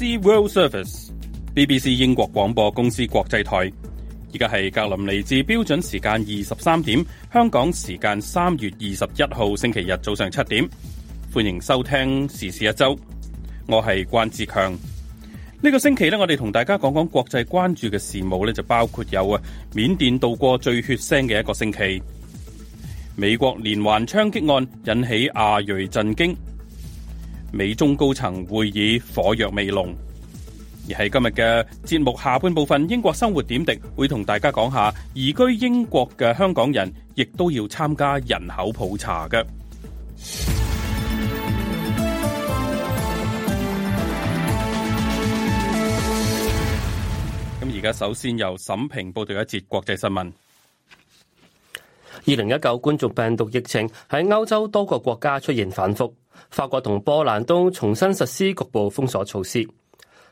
BBC World Service, BBC 英國廣播公司國際台。而家係格林尼治標準時間二十三點，香港時間三月二十一號星期日早上七點，歡迎收聽時事一周。我係關志強。呢、這個星期咧，我哋同大家講講國際關注嘅事務咧，就包括有啊，緬甸度過最血腥嘅一個星期；美國連環槍擊案引起亞裔震驚。美中高層會議火藥味濃，而喺今日嘅節目下半部分，英國生活點滴會同大家講下移居英國嘅香港人，亦都要參加人口普查嘅。咁而家首先由沈平報道一節國際新聞。二零一九冠狀病毒疫情喺歐洲多個國家出現反覆。法國同波蘭都重新實施局部封鎖措施。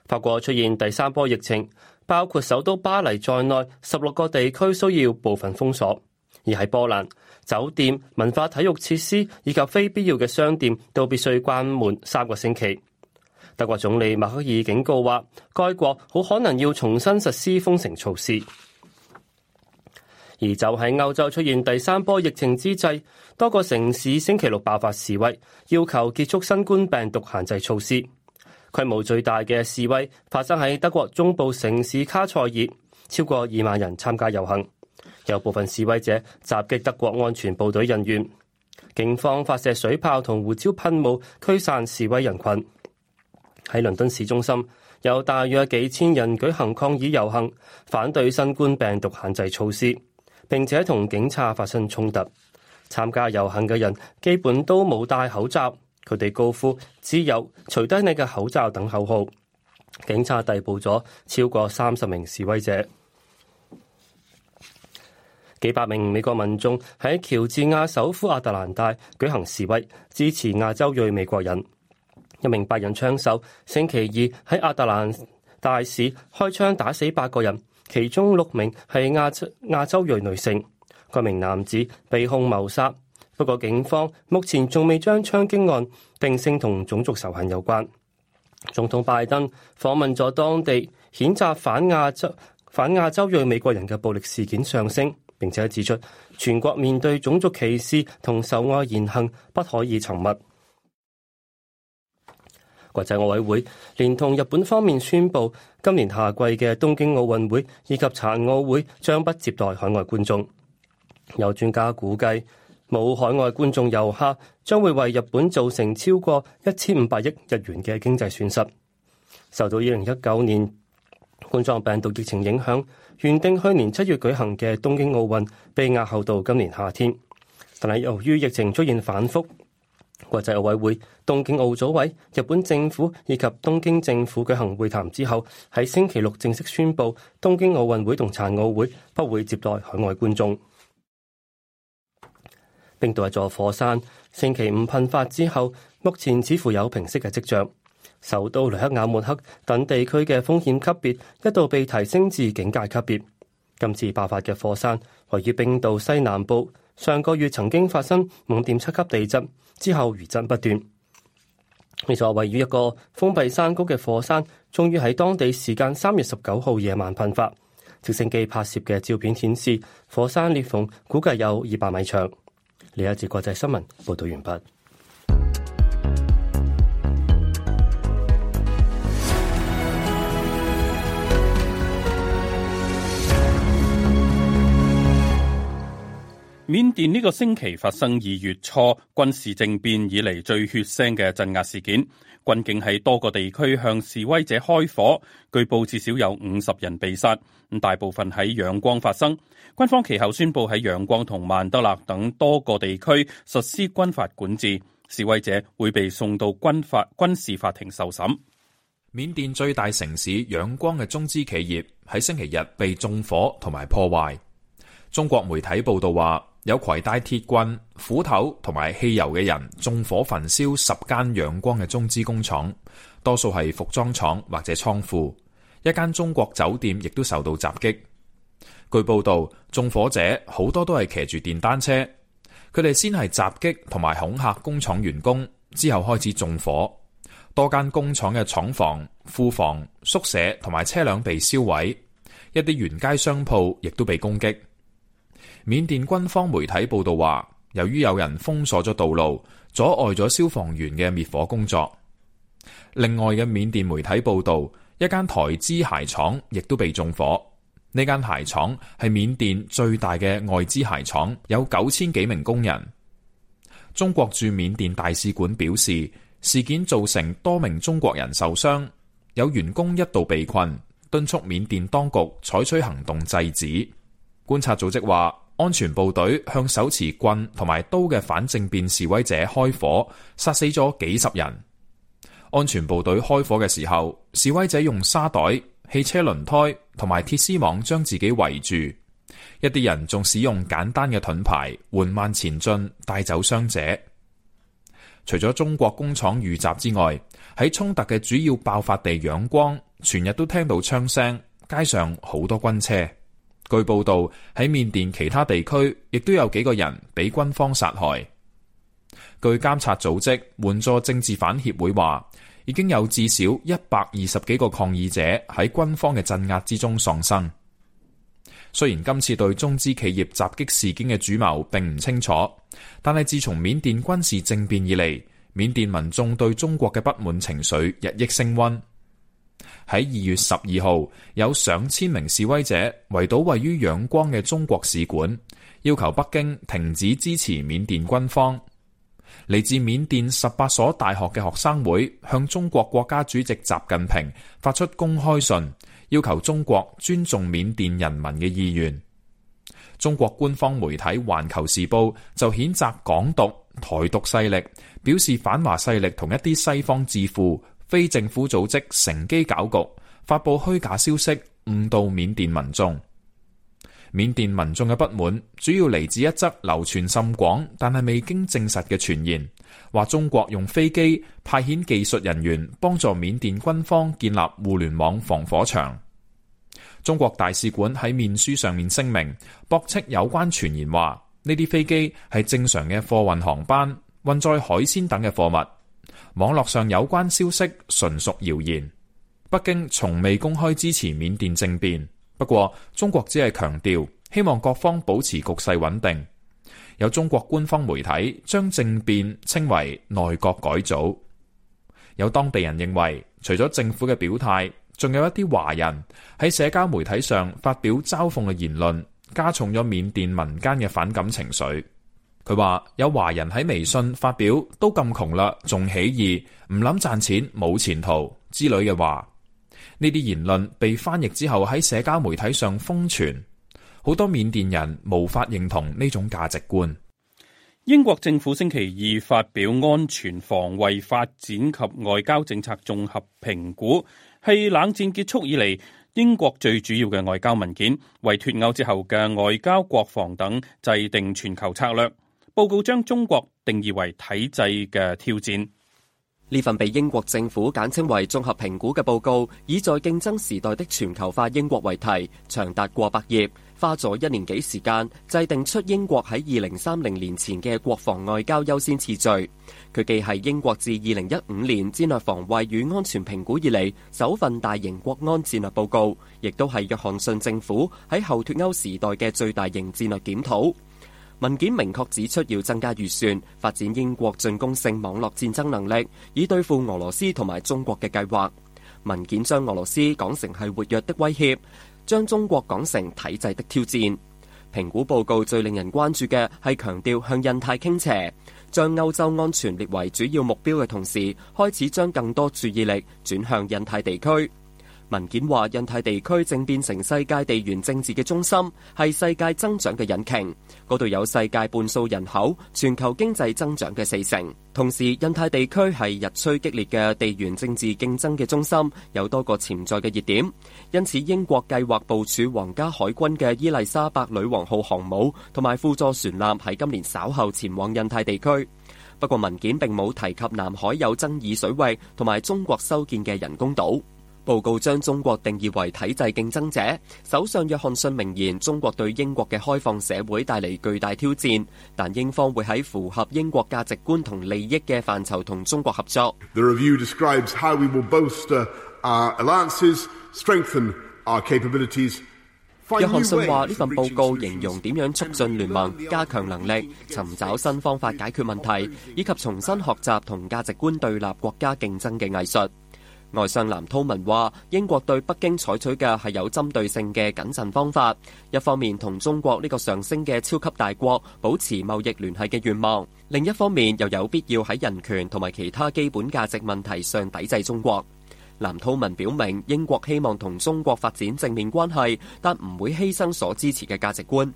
法國出現第三波疫情，包括首都巴黎在內十六個地區需要部分封鎖。而喺波蘭，酒店、文化體育設施以及非必要嘅商店都必須關門三個星期。德國總理默克爾警告話，該國好可能要重新實施封城措施。而就喺歐洲出現第三波疫情之際，多個城市星期六爆發示威，要求結束新冠病毒限制措施。規模最大嘅示威發生喺德國中部城市卡塞爾，超過二萬人參加遊行。有部分示威者襲擊德國安全部隊人員，警方發射水炮同胡椒噴霧驅散示威人群。喺倫敦市中心，有大約幾千人舉行抗議遊行，反對新冠病毒限制措施。並且同警察發生衝突，參加遊行嘅人基本都冇戴口罩，佢哋高呼“只有除低你嘅口罩”等口號。警察逮捕咗超過三十名示威者，幾百名美國民眾喺喬治亞首府亞特蘭大舉行示威，支持亞洲裔美國人。一名白人槍手星期二喺亞特蘭大市開槍打死八個人。其中六名係亞洲亞洲裔女性，該名男子被控謀殺。不過，警方目前仲未將槍擊案定性同種族仇恨有關。總統拜登訪問咗當地，譴責反亞洲反亞洲裔美國人嘅暴力事件上升，並且指出全國面對種族歧視同受壓言行不可以沉默。國際奧委會連同日本方面宣布，今年夏季嘅東京奧運會以及殘奧會將不接待海外觀眾。有專家估計，冇海外觀眾，遊客將會為日本造成超過一千五百億日元嘅經濟損失。受到二零一九年冠狀病毒疫情影響，原定去年七月舉行嘅東京奧運被押後到今年夏天，但係由於疫情出現反覆。國際奧委會、東京奧組委、日本政府以及東京政府舉行會談之後，喺星期六正式宣布，東京奧運會同殘奧會不會接待海外觀眾。冰島一座火山星期五噴發之後，目前似乎有平息嘅跡象。首都雷克雅未克等地區嘅風險級別一度被提升至警戒級別。今次爆發嘅火山位於冰島西南部，上個月曾經發生五點七級地震。之後餘震不斷，呢座位於一個封閉山谷嘅火山，終於喺當地時間三月十九號夜晚噴發。直升機拍攝嘅照片顯示，火山裂縫估計有二百米長。呢一節國際新聞報道完畢。緬甸呢個星期發生二月初軍事政變以嚟最血腥嘅鎮壓事件，軍警喺多個地區向示威者開火，據報至少有五十人被殺。咁大部分喺仰光發生，軍方其後宣布喺仰光同曼德勒等多個地區實施軍法管制，示威者會被送到軍法軍事法庭受審。緬甸最大城市仰光嘅中資企業喺星期日被縱火同埋破壞。中國媒體報道話。有攜帶鐵棍、斧頭同埋汽油嘅人，縱火焚燒十間仰光嘅中資工廠，多數係服裝廠或者倉庫。一間中國酒店亦都受到襲擊。據報道，縱火者好多都係騎住電單車。佢哋先係襲擊同埋恐嚇工廠員工，之後開始縱火。多間工廠嘅廠房、庫房、宿舍同埋車輛被燒毀，一啲沿街商鋪亦都被攻擊。緬甸軍方媒體報道話，由於有人封鎖咗道路，阻礙咗消防員嘅滅火工作。另外嘅緬甸媒體報道，一間台資鞋廠亦都被縱火。呢間鞋廠係緬甸最大嘅外資鞋廠，有九千幾名工人。中國駐緬甸大使館表示，事件造成多名中國人受傷，有員工一度被困，敦促緬甸當局採取行動制止。觀察組織話，安全部隊向手持棍同埋刀嘅反政變示威者開火，殺死咗幾十人。安全部隊開火嘅時候，示威者用沙袋、汽車輪胎同埋鐵絲網將自己圍住，一啲人仲使用簡單嘅盾牌緩慢前進帶走傷者。除咗中國工廠遇襲之外，喺衝突嘅主要爆發地仰光，全日都聽到槍聲，街上好多軍車。據報導，喺緬甸其他地區，亦都有幾個人被軍方殺害。據監察組織援助政治犯協會話，已經有至少一百二十幾個抗議者喺軍方嘅鎮壓之中喪生。雖然今次對中資企業襲擊事件嘅主謀並唔清楚，但係自從緬甸軍事政變以嚟，緬甸民眾對中國嘅不滿情緒日益升溫。喺二月十二號，有上千名示威者圍堵位於仰光嘅中國使館，要求北京停止支持緬甸軍方。嚟自緬甸十八所大學嘅學生會向中國國家主席習近平發出公開信，要求中國尊重緬甸人民嘅意願。中國官方媒體《環球時報》就譴責港獨、台獨勢力，表示反華勢力同一啲西方智庫。非政府組織乘機搞局，發佈虛假消息誤導緬甸民眾。緬甸民眾嘅不滿主要嚟自一則流傳甚廣但係未經證實嘅傳言，話中國用飛機派遣技術人員幫助緬甸軍方建立互聯網防火牆。中國大使館喺面書上面聲明駁斥有關傳言，話呢啲飛機係正常嘅貨運航班，運載海鮮等嘅貨物。網絡上有關消息純屬謠言。北京從未公開支持緬甸政變，不過中國只係強調希望各方保持局勢穩定。有中國官方媒體將政變稱為內閣改組。有當地人認為，除咗政府嘅表態，仲有一啲華人喺社交媒體上發表嘲諷嘅言論，加重咗緬甸民間嘅反感情緒。佢話有華人喺微信發表，都咁窮啦，仲起義，唔諗賺錢、冇前途之類嘅話。呢啲言論被翻譯之後喺社交媒體上瘋傳，好多緬甸人無法認同呢種價值觀。英國政府星期二發表安全防衛發展及外交政策綜合評估，係冷戰結束以嚟英國最主要嘅外交文件，為脫歐之後嘅外交、國防等制定全球策略。報告將中國定義為體制嘅挑戰。呢份被英國政府簡稱為綜合評估嘅報告，以在競爭時代的全球化英國為題，長達過百頁，花咗一年幾時間，制定出英國喺二零三零年前嘅國防外交優先次序。佢既係英國自二零一五年戰略防衛與安全評估以嚟首份大型國安戰略報告，亦都係約翰遜政府喺後脫歐時代嘅最大型戰略檢討。文件明確指出，要增加預算發展英國進攻性網絡戰爭能力，以對付俄羅斯同埋中國嘅計劃。文件將俄羅斯講成係活躍的威脅，將中國講成體制的挑戰。評估報告最令人關注嘅係強調向印太傾斜，將歐洲安全列為主要目標嘅同時，開始將更多注意力轉向印太地區。文件話，印太地區正變成世界地緣政治嘅中心，係世界增長嘅引擎。嗰度有世界半數人口，全球經濟增長嘅四成。同時，印太地區係日趨激烈嘅地緣政治競爭嘅中心，有多個潛在嘅熱點。因此，英國計劃部署皇家海軍嘅伊利沙伯女王號航母，同埋輔助船艦喺今年稍後前往印太地區。不過，文件並冇提及南海有爭議水域同埋中國修建嘅人工島。報告將中國定義為體制競爭者。首相約翰遜明言，中國對英國嘅開放社會帶嚟巨大挑戰，但英方會喺符合英國價值觀同利益嘅範疇同中國合作。約翰遜話，呢份報告形容點樣促進聯盟、加強能力、尋找新方法解決問題，以及重新學習同價值觀對立國家競爭嘅藝術。外相藍濤文話，英國對北京採取嘅係有針對性嘅謹慎方法。一方面同中國呢個上升嘅超級大國保持貿易聯繫嘅願望，另一方面又有必要喺人權同埋其他基本價值問題上抵制中國。藍濤文表明，英國希望同中國發展正面關係，但唔會犧牲所支持嘅價值觀。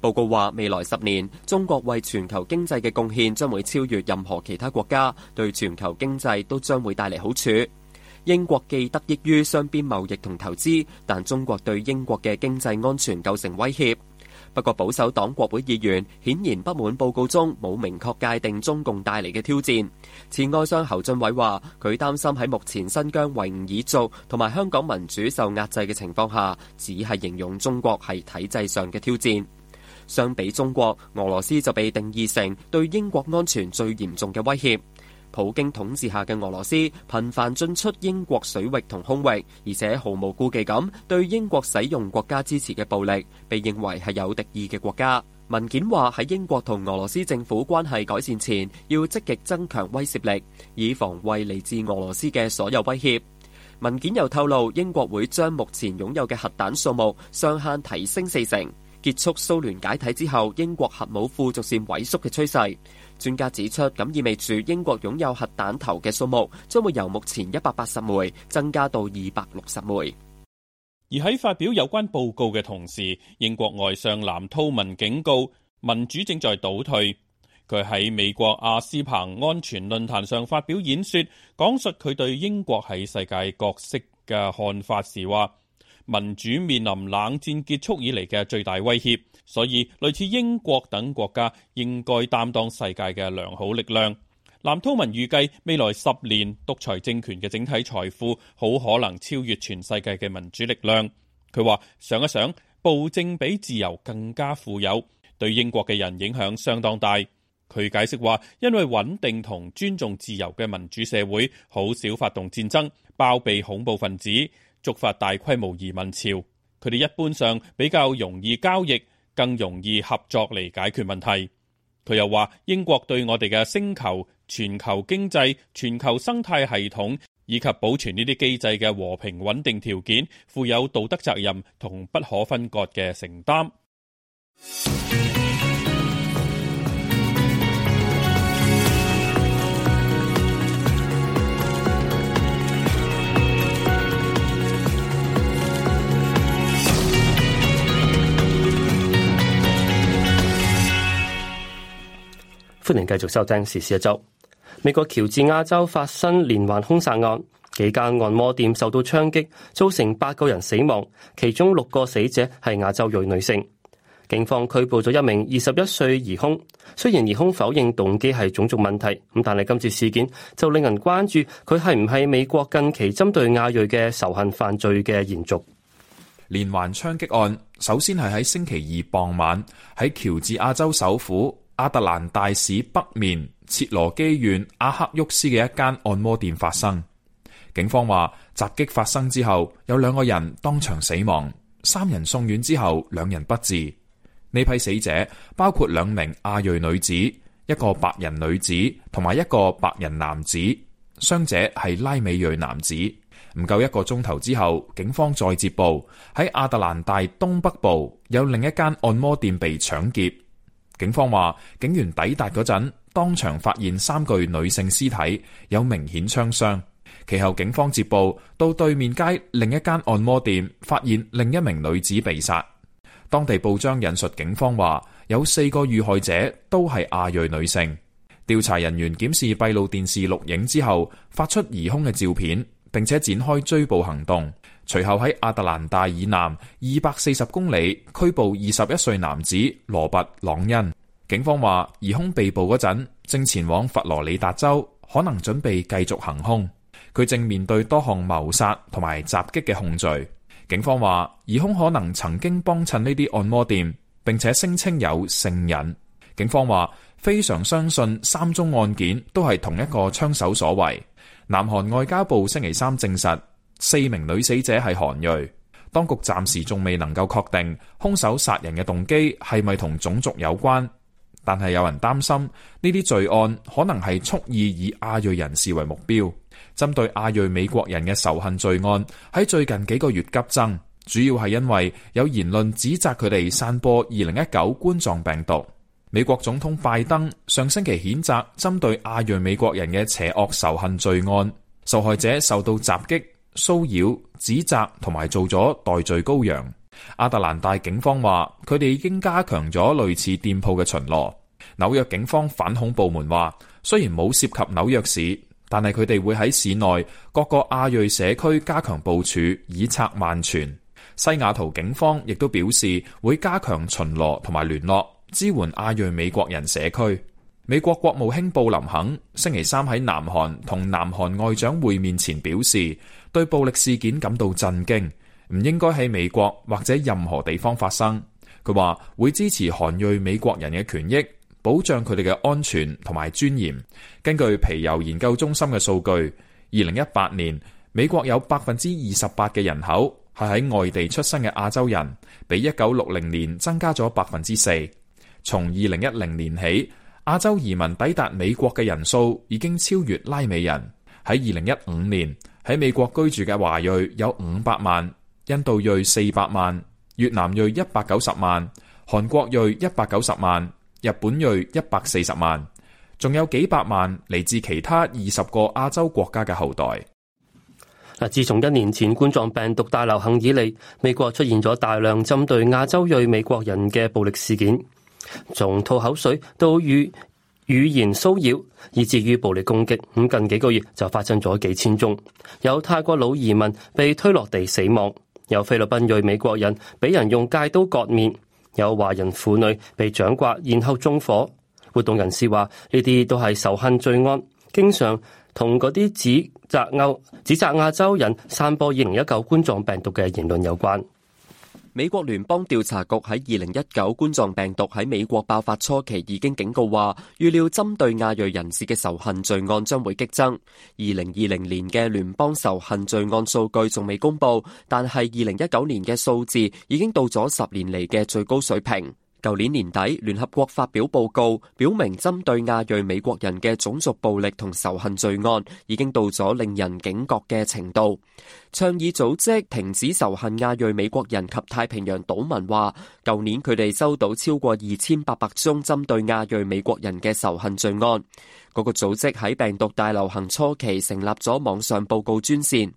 報告話，未來十年中國為全球經濟嘅貢獻將會超越任何其他國家，對全球經濟都將會帶嚟好處。英國既得益於雙邊貿易同投資，但中國對英國嘅經濟安全構成威脅。不過，保守黨國會議員顯然不滿報告中冇明確界定中共帶嚟嘅挑戰。前外相侯俊偉話：佢擔心喺目前新疆維吾爾族同埋香港民主受壓制嘅情況下，只係形容中國係體制上嘅挑戰。相比中國，俄羅斯就被定義成對英國安全最嚴重嘅威脅。普京統治下嘅俄羅斯頻繁進出英國水域同空域，而且毫無顧忌咁對英國使用國家支持嘅暴力，被認為係有敵意嘅國家。文件話喺英國同俄羅斯政府關係改善前，要積極增強威懾力，以防衛嚟自俄羅斯嘅所有威脅。文件又透露英國會將目前擁有嘅核彈數目上限提升四成，結束蘇聯解體之後英國核武庫逐漸萎縮嘅趨勢。專家指出，咁意味住英國擁有核彈頭嘅數目將會由目前一百八十枚增加到二百六十枚。而喺發表有關報告嘅同時，英國外相藍韜文警告民主正在倒退。佢喺美國亞斯彭安全論壇上發表演說，講述佢對英國喺世界角色嘅看法時話：民主面臨冷戰結束以嚟嘅最大威脅。所以，類似英國等國家應該擔當世界嘅良好力量。藍韜文預計未來十年獨裁政權嘅整體財富好可能超越全世界嘅民主力量。佢話，想一想，暴政比自由更加富有，對英國嘅人影響相當大。佢解釋話，因為穩定同尊重自由嘅民主社會好少發動戰爭、包庇恐怖分子、觸發大規模移民潮，佢哋一般上比較容易交易，更容易合作嚟解決問題。佢又話，英國對我哋嘅星球、全球經濟、全球生態系統以及保存呢啲機制嘅和平穩定條件，負有道德責任同不可分割嘅承擔。歡迎繼續收聽時事一周。美國喬治亞州發生連環兇殺案，幾間按摩店受到槍擊，造成八個人死亡，其中六個死者係亞洲裔女性。警方拘捕咗一名二十一歲疑兇，雖然疑兇否認動機係種族問題，咁但係今次事件就令人關注佢係唔係美國近期針對亞裔嘅仇恨犯罪嘅延續。連環槍擊案首先係喺星期二傍晚喺喬治亞州首府。亞特蘭大市北面切羅基縣阿克沃斯嘅一間按摩店發生，警方話襲擊發生之後，有兩個人當場死亡，三人送院之後，兩人不治。呢批死者包括兩名亞裔女子、一個白人女子同埋一個白人男子。傷者係拉美裔男子。唔夠一個鐘頭之後，警方再接報，喺亞特蘭大東北部有另一間按摩店被搶劫。警方話，警員抵達嗰陣，當場發現三具女性屍體，有明顯槍傷。其後，警方接報到對面街另一間按摩店，發現另一名女子被殺。當地報章引述警方話，有四個遇害者都係亞裔女性。調查人員檢視閉路電視錄影之後，發出疑兇嘅照片，並且展開追捕行動。隨後喺亞特蘭大以南二百四十公里拘捕二十一歲男子羅拔朗恩。警方話疑兇被捕嗰陣正前往佛羅里達州，可能準備繼續行凶。佢正面對多項謀殺同埋襲擊嘅控罪。警方話疑兇可能曾經幫襯呢啲按摩店，並且聲稱有性癮。警方話非常相信三宗案件都係同一個槍手所為。南韓外交部星期三證實。四名女死者係韓裔，當局暫時仲未能夠確定凶手殺人嘅動機係咪同種族有關。但係有人擔心呢啲罪案可能係蓄意以亞裔人士為目標，針對亞裔美國人嘅仇恨罪案喺最近幾個月急增，主要係因為有言論指責佢哋散播二零一九冠狀病毒。美國總統拜登上星期譴責針對亞裔美國人嘅邪惡仇恨罪案，受害者受到襲擊，騷擾、指責同埋做咗代罪羔羊。亞特蘭大警方話，佢哋已經加強咗類似店鋪嘅巡邏。紐約警方反恐部門話，雖然冇涉及紐約市，但係佢哋會喺市內各個亞裔社區加強部署，以策萬全。西雅圖警方亦都表示會加強巡邏同埋聯絡，支援亞裔美國人社區。美國國務卿布林肯星期三喺南韓同南韓外長會面前表示：對暴力事件感到震驚，唔應該喺美國或者任何地方發生。佢話會支持韓裔美國人嘅權益，保障佢哋嘅安全同埋尊嚴。根據皮尤研究中心嘅數據，二零一八年美國有百分之二十八嘅人口係喺外地出生嘅亞洲人，比一九六零年增加咗百分之四。從二零一零年起，亞洲移民抵達美國嘅人數已經超越拉美人。喺二零一五年，喺美國居住嘅華裔有五百萬，印度裔四百萬，越南裔一百九十萬，韓國裔一百九十萬，日本裔一百四十萬，仲有幾百萬嚟自其他二十個亞洲國家嘅後代。嗱，自從一年前冠狀病毒大流行以嚟，美國出現咗大量針對亞洲裔美國人嘅暴力事件，從吐口水到遇。語言騷擾，以至於暴力攻擊。咁近幾個月就發生咗幾千宗，有泰國老移民被推落地死亡，有菲律賓裔美國人俾人用戒刀割面，有華人婦女被掌摑，然後縱火。活動人士話呢啲都係仇恨罪案，經常同嗰啲指責歐、指責亞洲人散播二零一九冠狀病毒嘅言論有關。美國聯邦調查局喺二零一九冠狀病毒喺美國爆發初期已經警告話，預料針對亞裔人士嘅仇恨罪案將會激增。二零二零年嘅聯邦仇恨罪案數據仲未公布，但係二零一九年嘅數字已經到咗十年嚟嘅最高水平。舊年年底，聯合國發表報告，表明針對亞裔美國人嘅種族暴力同仇恨罪案已經到咗令人警覺嘅程度。倡議組織停止仇恨亞裔美國人及太平洋島民話，舊年佢哋收到超過二千八百宗針對亞裔美國人嘅仇恨罪案。嗰個組織喺病毒大流行初期成立咗網上報告專線。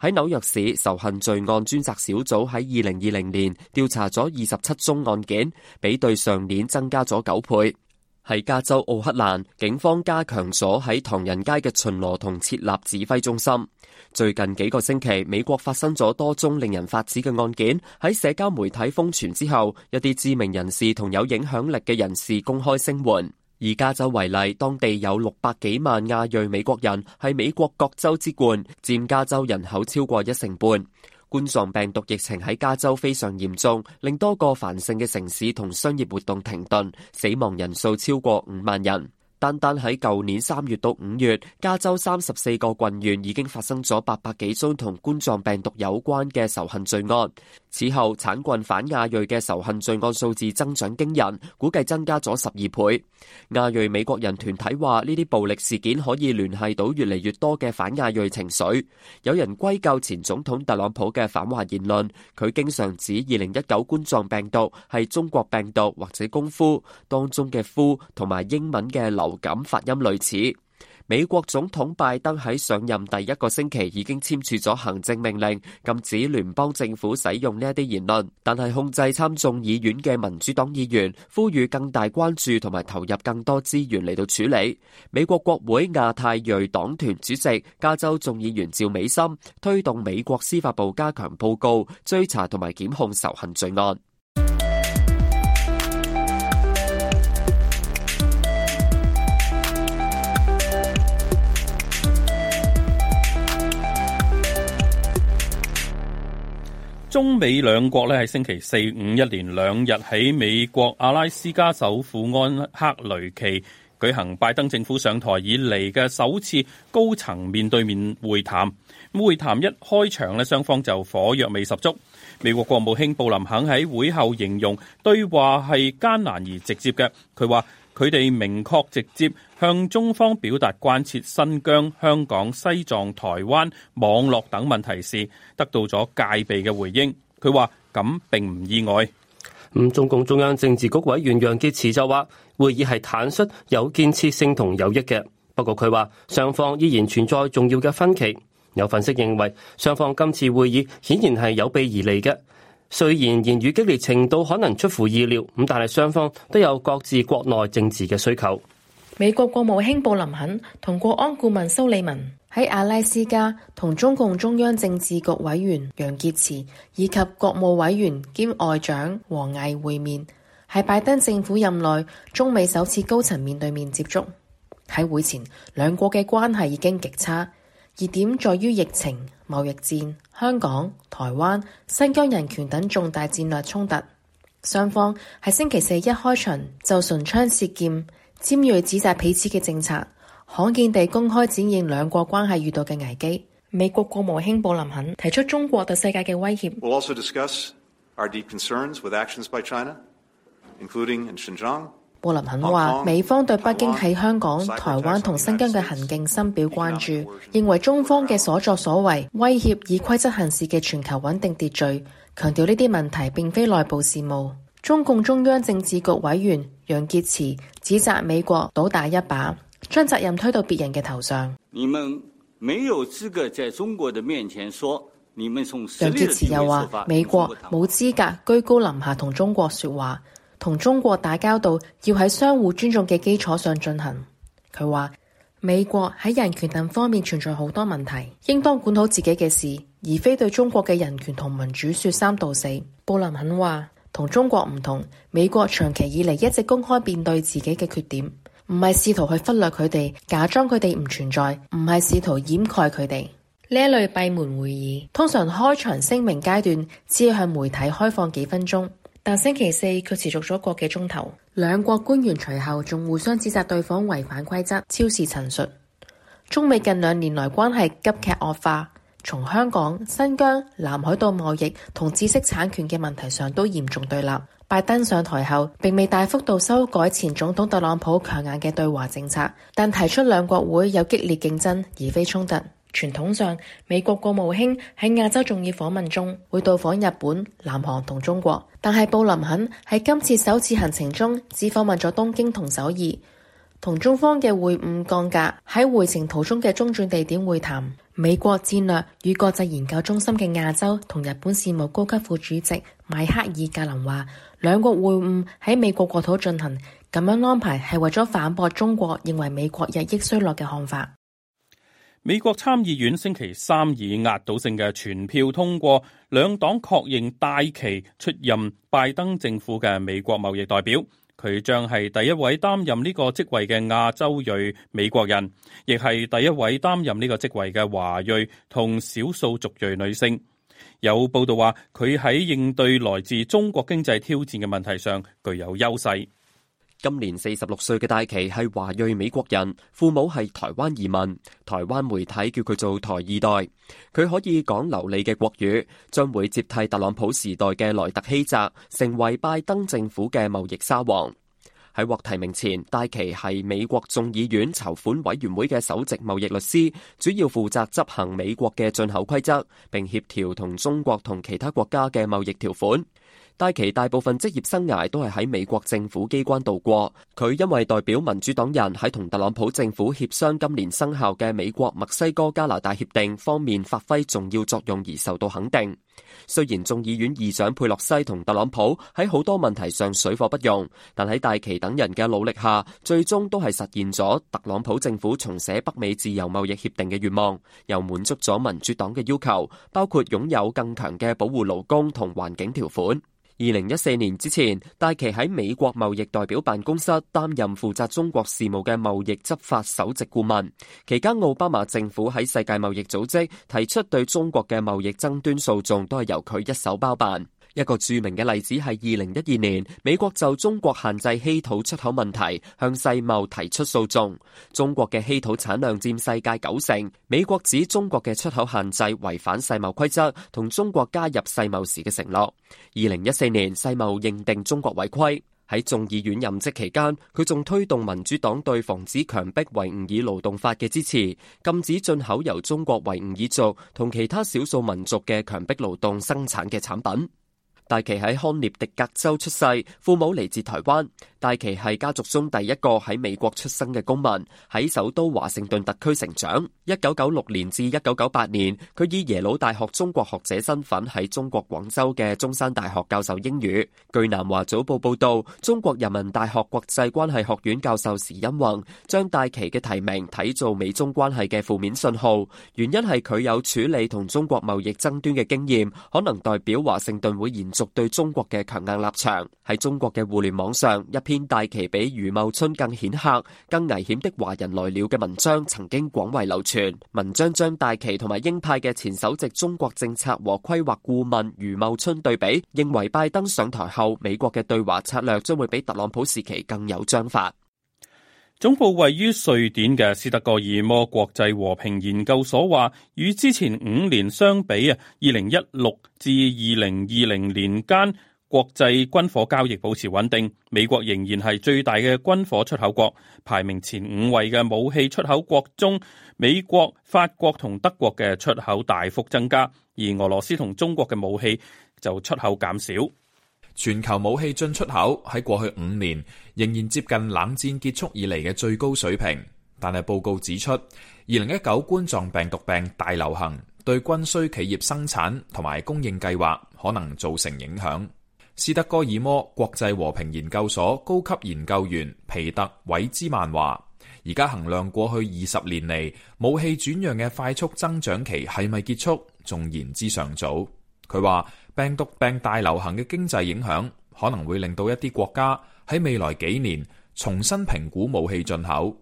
喺紐約市仇恨罪案專責小組喺二零二零年調查咗二十七宗案件，比對上年增加咗九倍。喺加州奧克蘭，警方加強咗喺唐人街嘅巡邏同設立指揮中心。最近幾個星期，美國發生咗多宗令人髮指嘅案件，喺社交媒體瘋傳之後，一啲知名人士同有影響力嘅人士公開聲援。以加州為例，當地有六百幾萬亞裔美國人，係美國各州之冠，佔加州人口超過一成半。冠狀病毒疫情喺加州非常嚴重，令多個繁盛嘅城市同商業活動停頓，死亡人數超過五萬人。單單喺舊年三月到五月，加州三十四個郡縣已經發生咗八百幾宗同冠狀病毒有關嘅仇恨罪案。此後，產郡反亞裔嘅仇恨罪案數字增長驚人，估計增加咗十二倍。亞裔美國人團體話，呢啲暴力事件可以聯繫到越嚟越多嘅反亞裔情緒。有人歸咎前總統特朗普嘅反華言論，佢經常指二零一九冠狀病毒係中國病毒或者功夫當中嘅“夫”同埋英文嘅“流”。感發音類似。美國總統拜登喺上任第一個星期已經簽署咗行政命令，禁止聯邦政府使用呢一啲言論。但係控制參眾議院嘅民主黨議員呼籲更大關注同埋投入更多資源嚟到處理。美國國會亞太裔黨團主席、加州眾議員趙美心推動美國司法部加強報告、追查同埋檢控仇恨罪案。中美兩國呢，喺星期四五一連兩日喺美國阿拉斯加首府安克雷奇舉行拜登政府上台以嚟嘅首次高層面對面會談。會談一開場呢，雙方就火藥味十足。美國國務卿布林肯喺會後形容對話係艱難而直接嘅，佢話。佢哋明確直接向中方表達關切新疆、香港、西藏、台灣、網絡等問題時，得到咗戒備嘅回應。佢話咁並唔意外。五、嗯、中共中央政治局委員楊潔篪就話，會議係坦率、有建設性同有益嘅。不過佢話，雙方依然存在重要嘅分歧。有分析認為，雙方今次會議顯然係有備而嚟嘅。雖然言語激烈程度可能出乎意料，咁但係雙方都有各自國內政治嘅需求。美國國務卿布林肯同國安顧問蘇利文喺阿拉斯加同中共中央政治局委員楊潔篪以及國務委員兼外長王毅會面，喺拜登政府任內中美首次高層面對面接觸。喺會前，兩國嘅關係已經極差。熱點在於疫情、貿易戰、香港、台灣、新疆人權等重大戰略衝突，雙方喺星期四一開場就唇槍舌劍、尖銳指責彼此嘅政策，罕見地公開展現兩國關係遇到嘅危機。美國國務卿布林肯提出中國對世界嘅威脅。We'll also discuss our deep concerns with actions by China, including in Xinjiang. 布林肯話：美方對北京喺香港、台灣同新疆嘅行徑深表關注，認為中方嘅所作所為威脅以規則行事嘅全球穩定秩序。強調呢啲問題並非內部事務。中共中央政治局委員楊潔篪指責美國倒打一耙，將責任推到別人嘅頭上。你們沒有資格在中國的面前說你們從。楊潔篪又話：美國冇資格居高臨下同中國說話。同中國打交道要喺相互尊重嘅基礎上進行。佢話美國喺人權等方面存在好多問題，應當管好自己嘅事，而非對中國嘅人權同民主說三道四。布林肯話同中國唔同，美國長期以嚟一直公開面對自己嘅缺點，唔係試圖去忽略佢哋，假裝佢哋唔存在，唔係試圖掩蓋佢哋。呢一類閉門會議通常開場聲明階段只向媒體開放幾分鐘。但星期四卻持續咗個幾鐘頭，兩國官員隨後仲互相指責對方違反規則、超時陳述。中美近兩年來關係急劇惡化，從香港、新疆、南海到貿易同知識產權嘅問題上都嚴重對立。拜登上台後，並未大幅度修改前總統特朗普強硬嘅對華政策，但提出兩國會有激烈競爭，而非衝突。傳統上，美國國務卿喺亞洲重要訪問中會到訪日本、南韓同中國，但係布林肯喺今次首次行程中只訪問咗東京同首爾，同中方嘅會晤降格喺回程途中嘅中轉地點會談。美國戰略與國際研究中心嘅亞洲同日本事務高級副主席邁克爾格林話，兩國會晤喺美國國土進行，咁樣安排係為咗反駁中國認為美國日益衰落嘅看法。美國參議院星期三以壓倒性嘅全票通過，兩黨確認戴琪出任拜登政府嘅美國貿易代表。佢將係第一位擔任呢個職位嘅亞洲裔美國人，亦係第一位擔任呢個職位嘅華裔同少數族裔女性。有報道話佢喺應對來自中國經濟挑戰嘅問題上具有優勢。今年四十六歲嘅戴琪係華裔美國人，父母係台灣移民，台灣媒體叫佢做台二代。佢可以講流利嘅國語，將會接替特朗普時代嘅萊特希澤，成為拜登政府嘅貿易沙皇。喺獲提名前，戴琪係美國眾議院籌款委員會嘅首席貿易律師，主要負責執行美國嘅進口規則，並協調同中國同其他國家嘅貿易條款。戴琪大部分職業生涯都係喺美國政府機關度過。佢因為代表民主黨人喺同特朗普政府協商今年生效嘅美國墨西哥加拿大協定方面發揮重要作用而受到肯定。雖然眾議院議長佩洛西同特朗普喺好多問題上水火不容，但喺戴琪等人嘅努力下，最終都係實現咗特朗普政府重寫北美自由貿易協定嘅願望，又滿足咗民主黨嘅要求，包括擁有更強嘅保護勞工同環境條款。二零一四年之前，戴琪喺美國貿易代表辦公室擔任負責中國事務嘅貿易執法首席顧問。期間奧巴馬政府喺世界貿易組織提出對中國嘅貿易爭端訴訟都係由佢一手包辦。一個著名嘅例子係二零一二年，美國就中國限制稀土出口問題向世貿提出訴訟。中國嘅稀土產量佔世界九成，美國指中國嘅出口限制違反世貿規則同中國加入世貿時嘅承諾。二零一四年，世貿認定中國違規。喺眾議院任職期間，佢仲推動民主黨對防止強迫維吾爾勞動法嘅支持，禁止進口由中國維吾爾族同其他少數民族嘅強迫勞動生產嘅產品。大奇喺康涅狄格州出世，父母嚟自台灣。戴琪係家族中第一個喺美國出生嘅公民，喺首都華盛頓特區成長。一九九六年至一九九八年，佢以耶魯大學中國學者身份喺中國廣州嘅中山大學教授英語。據南華早報報道，中國人民大學國際關係學院教授時殷弘將戴琪嘅提名睇做美中關係嘅負面信號，原因係佢有處理同中國貿易爭端嘅經驗，可能代表華盛頓會延續。續對中國嘅強硬立場，喺中國嘅互聯網上，一篇大旗「比余茂春更顯赫、更危險的華人來了」嘅文章曾經廣為流傳。文章將大旗同埋鷹派嘅前首席中國政策和規劃顧問余茂春對比，認為拜登上台後美國嘅對華策略將會比特朗普時期更有章法。總部位於瑞典嘅斯德哥爾摩國際和平研究所話，與之前五年相比啊，二零一六至二零二零年間國際軍火交易保持穩定。美國仍然係最大嘅軍火出口國，排名前五位嘅武器出口國中，美國、法國同德國嘅出口大幅增加，而俄羅斯同中國嘅武器就出口減少。全球武器進出口喺過去五年仍然接近冷戰結束以嚟嘅最高水平，但係報告指出，二零一九冠狀病毒病大流行對軍需企業生產同埋供應計劃可能造成影響。斯德哥爾摩國際和平研究所高級研究員皮特·韋茲曼話：「而家衡量過去二十年嚟武器轉讓嘅快速增長期係咪結束，仲言之尚早。」佢話：病毒病大流行嘅經濟影響，可能會令到一啲國家喺未來幾年重新評估武器進口。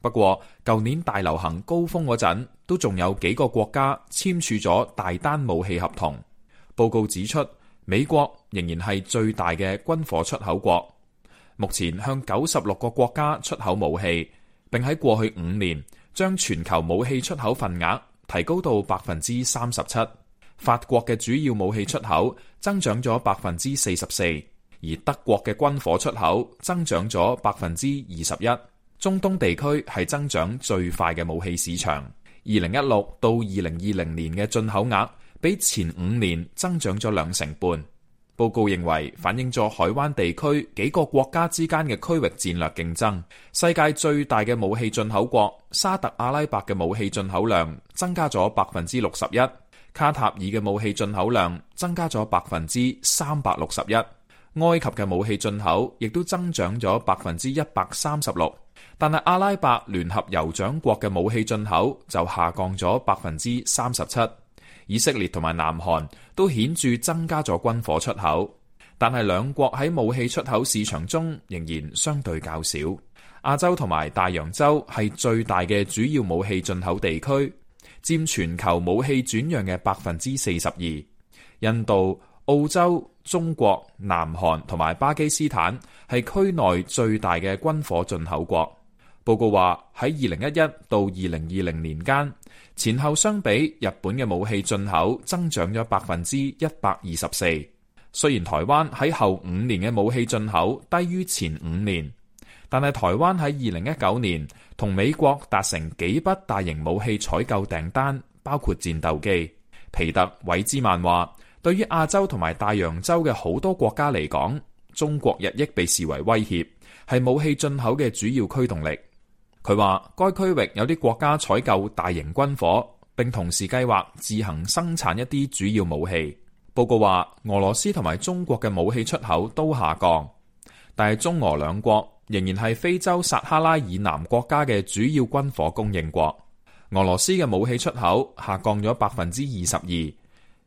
不過，舊年大流行高峰嗰陣，都仲有幾個國家簽署咗大單武器合同。報告指出，美國仍然係最大嘅軍火出口國，目前向九十六個國家出口武器，並喺過去五年將全球武器出口份額提高到百分之三十七。法國嘅主要武器出口增長咗百分之四十四，而德國嘅軍火出口增長咗百分之二十一。中東地區係增長最快嘅武器市場。二零一六到二零二零年嘅進口額比前五年增長咗兩成半。報告認為，反映咗海灣地區幾個國家之間嘅區域戰略競爭。世界最大嘅武器進口國沙特阿拉伯嘅武器進口量增加咗百分之六十一。卡塔爾嘅武器進口量增加咗百分之三百六十一，埃及嘅武器進口亦都增長咗百分之一百三十六，但係阿拉伯聯合酋長國嘅武器進口就下降咗百分之三十七。以色列同埋南韓都顯著增加咗軍火出口，但係兩國喺武器出口市場中仍然相對較少。亞洲同埋大洋洲係最大嘅主要武器進口地區。佔全球武器轉讓嘅百分之四十二，印度、澳洲、中國、南韓同埋巴基斯坦係區內最大嘅軍火進口國。報告話喺二零一一到二零二零年間，前後相比，日本嘅武器進口增長咗百分之一百二十四。雖然台灣喺後五年嘅武器進口低於前五年。但係台灣喺二零一九年同美國達成幾筆大型武器採購訂單，包括戰鬥機。皮特韋茲曼話，對於亞洲同埋大洋洲嘅好多國家嚟講，中國日益被視為威脅，係武器進口嘅主要驅動力。佢話，該區域有啲國家採購大型軍火，並同時計劃自行生產一啲主要武器。報告話，俄羅斯同埋中國嘅武器出口都下降，但係中俄兩國。仍然係非洲撒哈拉以南國家嘅主要軍火供應國。俄羅斯嘅武器出口下降咗百分之二十二，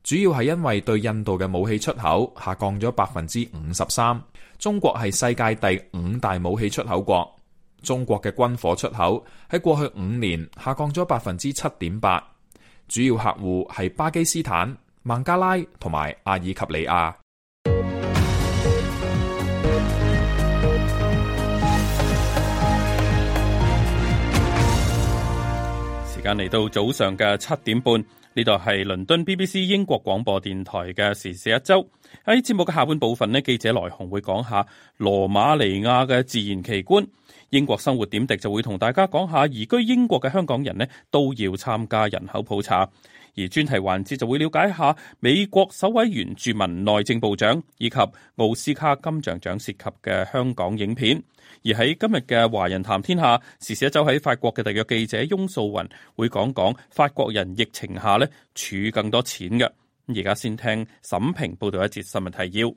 主要係因為對印度嘅武器出口下降咗百分之五十三。中國係世界第五大武器出口國，中國嘅軍火出口喺過去五年下降咗百分之七點八，主要客戶係巴基斯坦、孟加拉同埋阿爾及利亞。咁嚟到早上嘅七點半，呢度係倫敦 BBC 英國廣播電台嘅時事一周。喺節目嘅下半部分呢，記者來鴻會講下羅馬尼亞嘅自然奇觀；英國生活點滴就會同大家講下移居英國嘅香港人呢，都要參加人口普查。而專題環節就會了解下美國首位原住民內政部長，以及奧斯卡金像獎涉及嘅香港影片。而喺今日嘅《華人談天下》，時事一周喺法國嘅特約記者翁素雲會講講法國人疫情下咧儲更多錢嘅。而家先聽沈平報道一節新聞提要。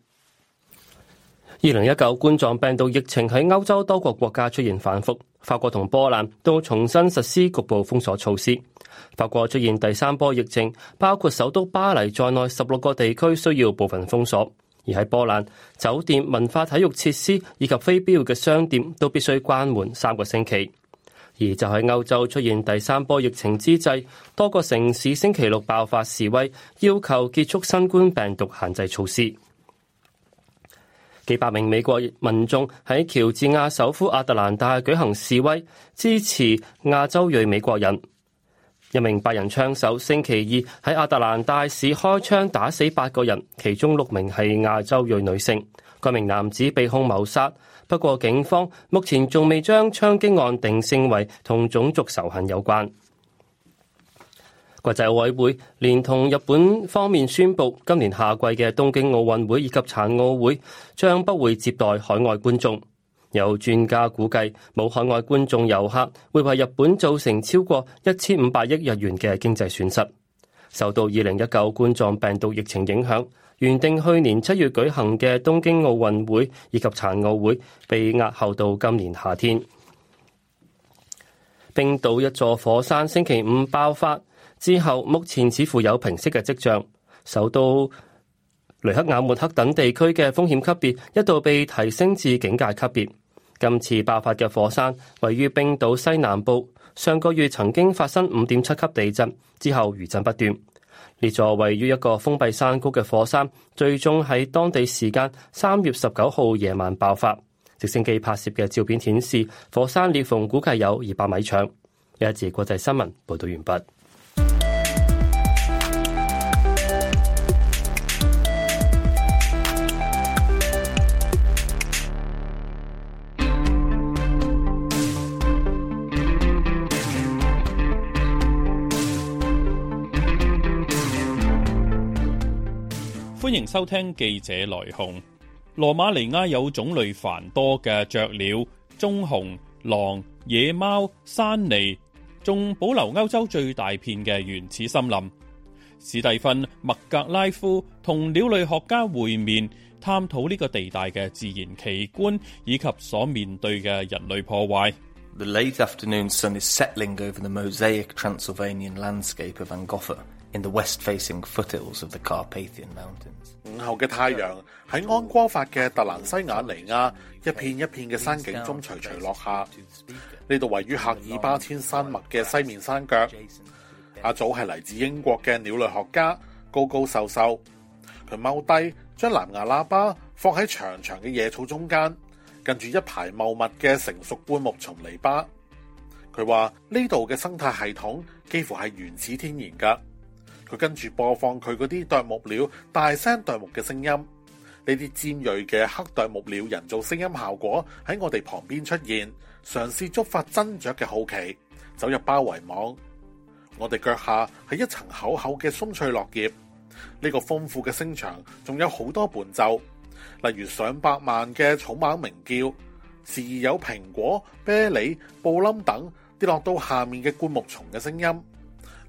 二零一九冠狀病毒疫情喺歐洲多個國家出現反覆，法國同波蘭都重新實施局部封鎖措施。法國出現第三波疫情，包括首都巴黎在內十六個地區需要部分封鎖。而喺波蘭酒店、文化、體育設施以及非必要嘅商店都必須關門三個星期。而就喺歐洲出現第三波疫情之際，多個城市星期六爆發示威，要求結束新冠病毒限制措施。幾百名美國民眾喺喬治亞首府亞特蘭大舉行示威，支持亞洲裔美國人。一名白人槍手星期二喺亞特蘭大市開槍打死八個人，其中六名係亞洲裔女性。該名男子被控謀殺，不過警方目前仲未將槍擊案定性為同種族仇恨有關。國際奧委會連同日本方面宣布，今年夏季嘅東京奧運會以及殘奧會將不會接待海外觀眾。有專家估計，冇海外觀眾遊客會為日本造成超過一千五百億日元嘅經濟損失。受到二零一九冠狀病毒疫情影響，原定去年七月舉行嘅東京奧運會以及殘奧會被押後到今年夏天。冰島一座火山星期五爆發之後，目前似乎有平息嘅跡象。首都雷克雅未克等地區嘅風險級別一度被提升至警戒級別。今次爆發嘅火山位於冰島西南部，上個月曾經發生五點七級地震，之後餘震不斷。呢座位於一個封閉山谷嘅火山，最終喺當地時間三月十九號夜晚爆發。直升機拍攝嘅照片顯示，火山裂縫估計有二百米長。呢一節國際新聞報道完畢。收聽記者來鴻，羅馬尼亞有種類繁多嘅雀鳥、棕熊、狼、野貓、山狸，仲保留歐洲最大片嘅原始森林。史蒂芬麥格拉夫同鳥類學家會面，探討呢個地帶嘅自然奇觀以及所面對嘅人類破壞。In the west-facing foothills of the Carpathian Mountains。午後嘅太陽喺安哥法嘅特蘭西瓦尼亞一片一片嘅山景中徐徐落下。呢度位於克爾巴阡山脈嘅西面山腳。阿祖係嚟自英國嘅鳥類學家，高高瘦瘦。佢踎低，將藍牙喇叭放喺長長嘅野草中間，近住一排茂密嘅成熟灌木叢籬笆。佢話呢度嘅生態系統幾乎係原始天然㗎。佢跟住播放佢嗰啲啄木鳥大聲啄木嘅聲音，呢啲尖銳嘅黑啄木鳥人造聲音效果喺我哋旁邊出現，嘗試觸發真雀嘅好奇，走入包圍網。我哋腳下係一層厚厚嘅鬆脆落葉，呢個豐富嘅聲場仲有好多伴奏，例如上百萬嘅草蜢鳴叫，時而有蘋果、啤梨、布冧等跌落到下面嘅灌木叢嘅聲音。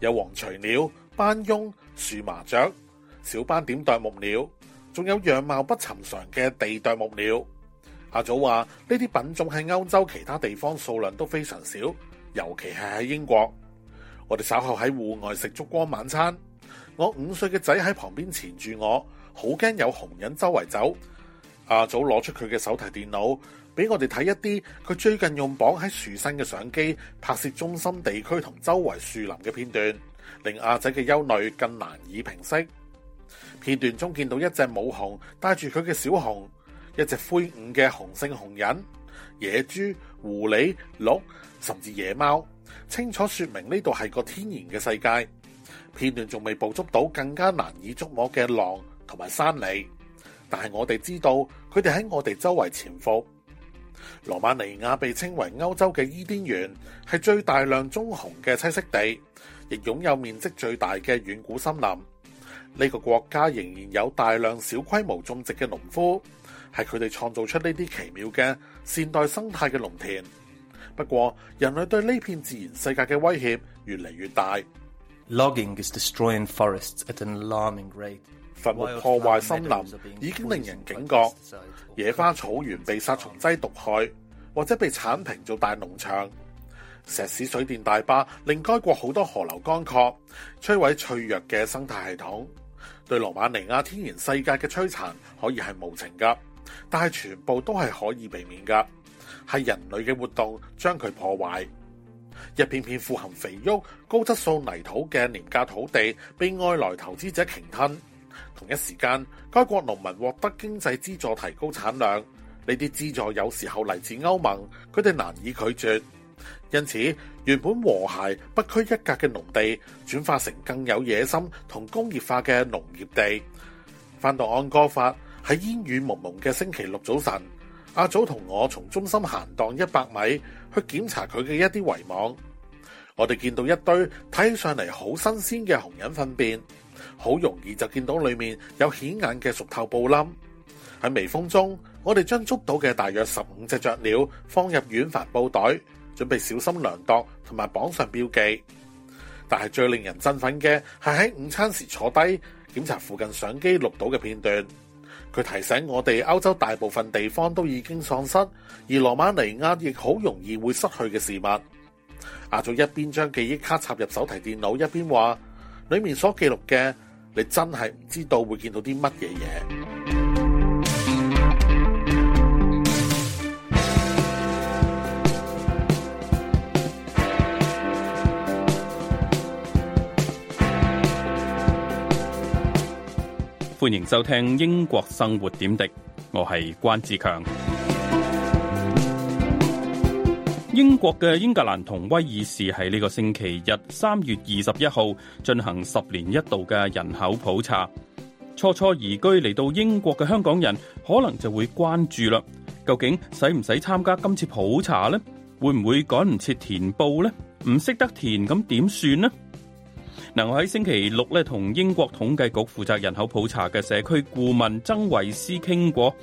有黃錘鳥、斑翁、樹麻雀、小斑點啄木鳥，仲有樣貌不尋常嘅地啄木鳥。阿祖話呢啲品種喺歐洲其他地方數量都非常少，尤其係喺英國。我哋稍後喺戶外食燭光晚餐。我五歲嘅仔喺旁邊纏住我，好驚有紅人周圍走。阿祖攞出佢嘅手提電腦，俾我哋睇一啲佢最近用綁喺樹身嘅相機拍攝中心地區同周圍樹林嘅片段，令阿祖嘅憂慮更難以平息。片段中見到一隻母熊帶住佢嘅小熊，一隻灰五嘅雄性熊人、野豬、狐狸、鹿，甚至野貓，清楚說明呢度係個天然嘅世界。片段仲未捕捉到更加難以捉摸嘅狼同埋山狸。但係我哋知道，佢哋喺我哋周圍潛伏。羅馬尼亞被稱為歐洲嘅伊甸園，係最大量棕熊嘅棲息地，亦擁有面積最大嘅遠古森林。呢個國家仍然有大量小規模種植嘅農夫，係佢哋創造出呢啲奇妙嘅現代生態嘅農田。不過，人類對呢片自然世界嘅威脅越嚟越大。Logging is destroying forests at an alarming rate. 墳墓破壞森林已經令人警覺，野花草原被殺蟲劑毒害，或者被鏟平做大農場。石屎水電大壩令該國好多河流乾涸，摧毀脆弱嘅生態系統。對羅馬尼亞天然世界嘅摧殘可以係無情噶，但係全部都係可以避免噶，係人類嘅活動將佢破壞。一片片富含肥沃、高質素泥土嘅廉價土地被外來投資者鯨吞。同一時間，該國農民獲得經濟資助，提高產量，呢啲資助有時候嚟自歐盟，佢哋難以拒絕。因此，原本和諧不拘一格嘅農地，轉化成更有野心同工業化嘅農業地。翻到安哥法，喺煙雨蒙蒙嘅星期六早晨，阿祖同我從中心行檔一百米去檢查佢嘅一啲圍網，我哋見到一堆睇起上嚟好新鮮嘅紅人糞便。好容易就見到裏面有顯眼嘅熟透布冧。喺微風中，我哋將捉到嘅大約十五隻雀鳥放入軟帆布袋，準備小心量度同埋綁上標記。但係最令人振奮嘅係喺午餐時坐低檢查附近相機錄到嘅片段。佢提醒我哋歐洲大部分地方都已經喪失，而羅馬尼亞亦好容易會失去嘅事物。阿祖一邊將記憶卡插入手提電腦，一邊話，裏面所記錄嘅。你真係唔知道會見到啲乜嘢嘢。歡迎收聽《英國生活點滴》，我係關志強。英國嘅英格蘭同威爾士喺呢個星期日三月二十一號進行十年一度嘅人口普查，初初移居嚟到英國嘅香港人可能就會關注啦，究竟使唔使參加今次普查呢？會唔會趕唔切填報呢？唔識得填咁點算呢？嗱，我喺星期六咧同英國統計局負責人口普查嘅社區顧問曾維斯傾過，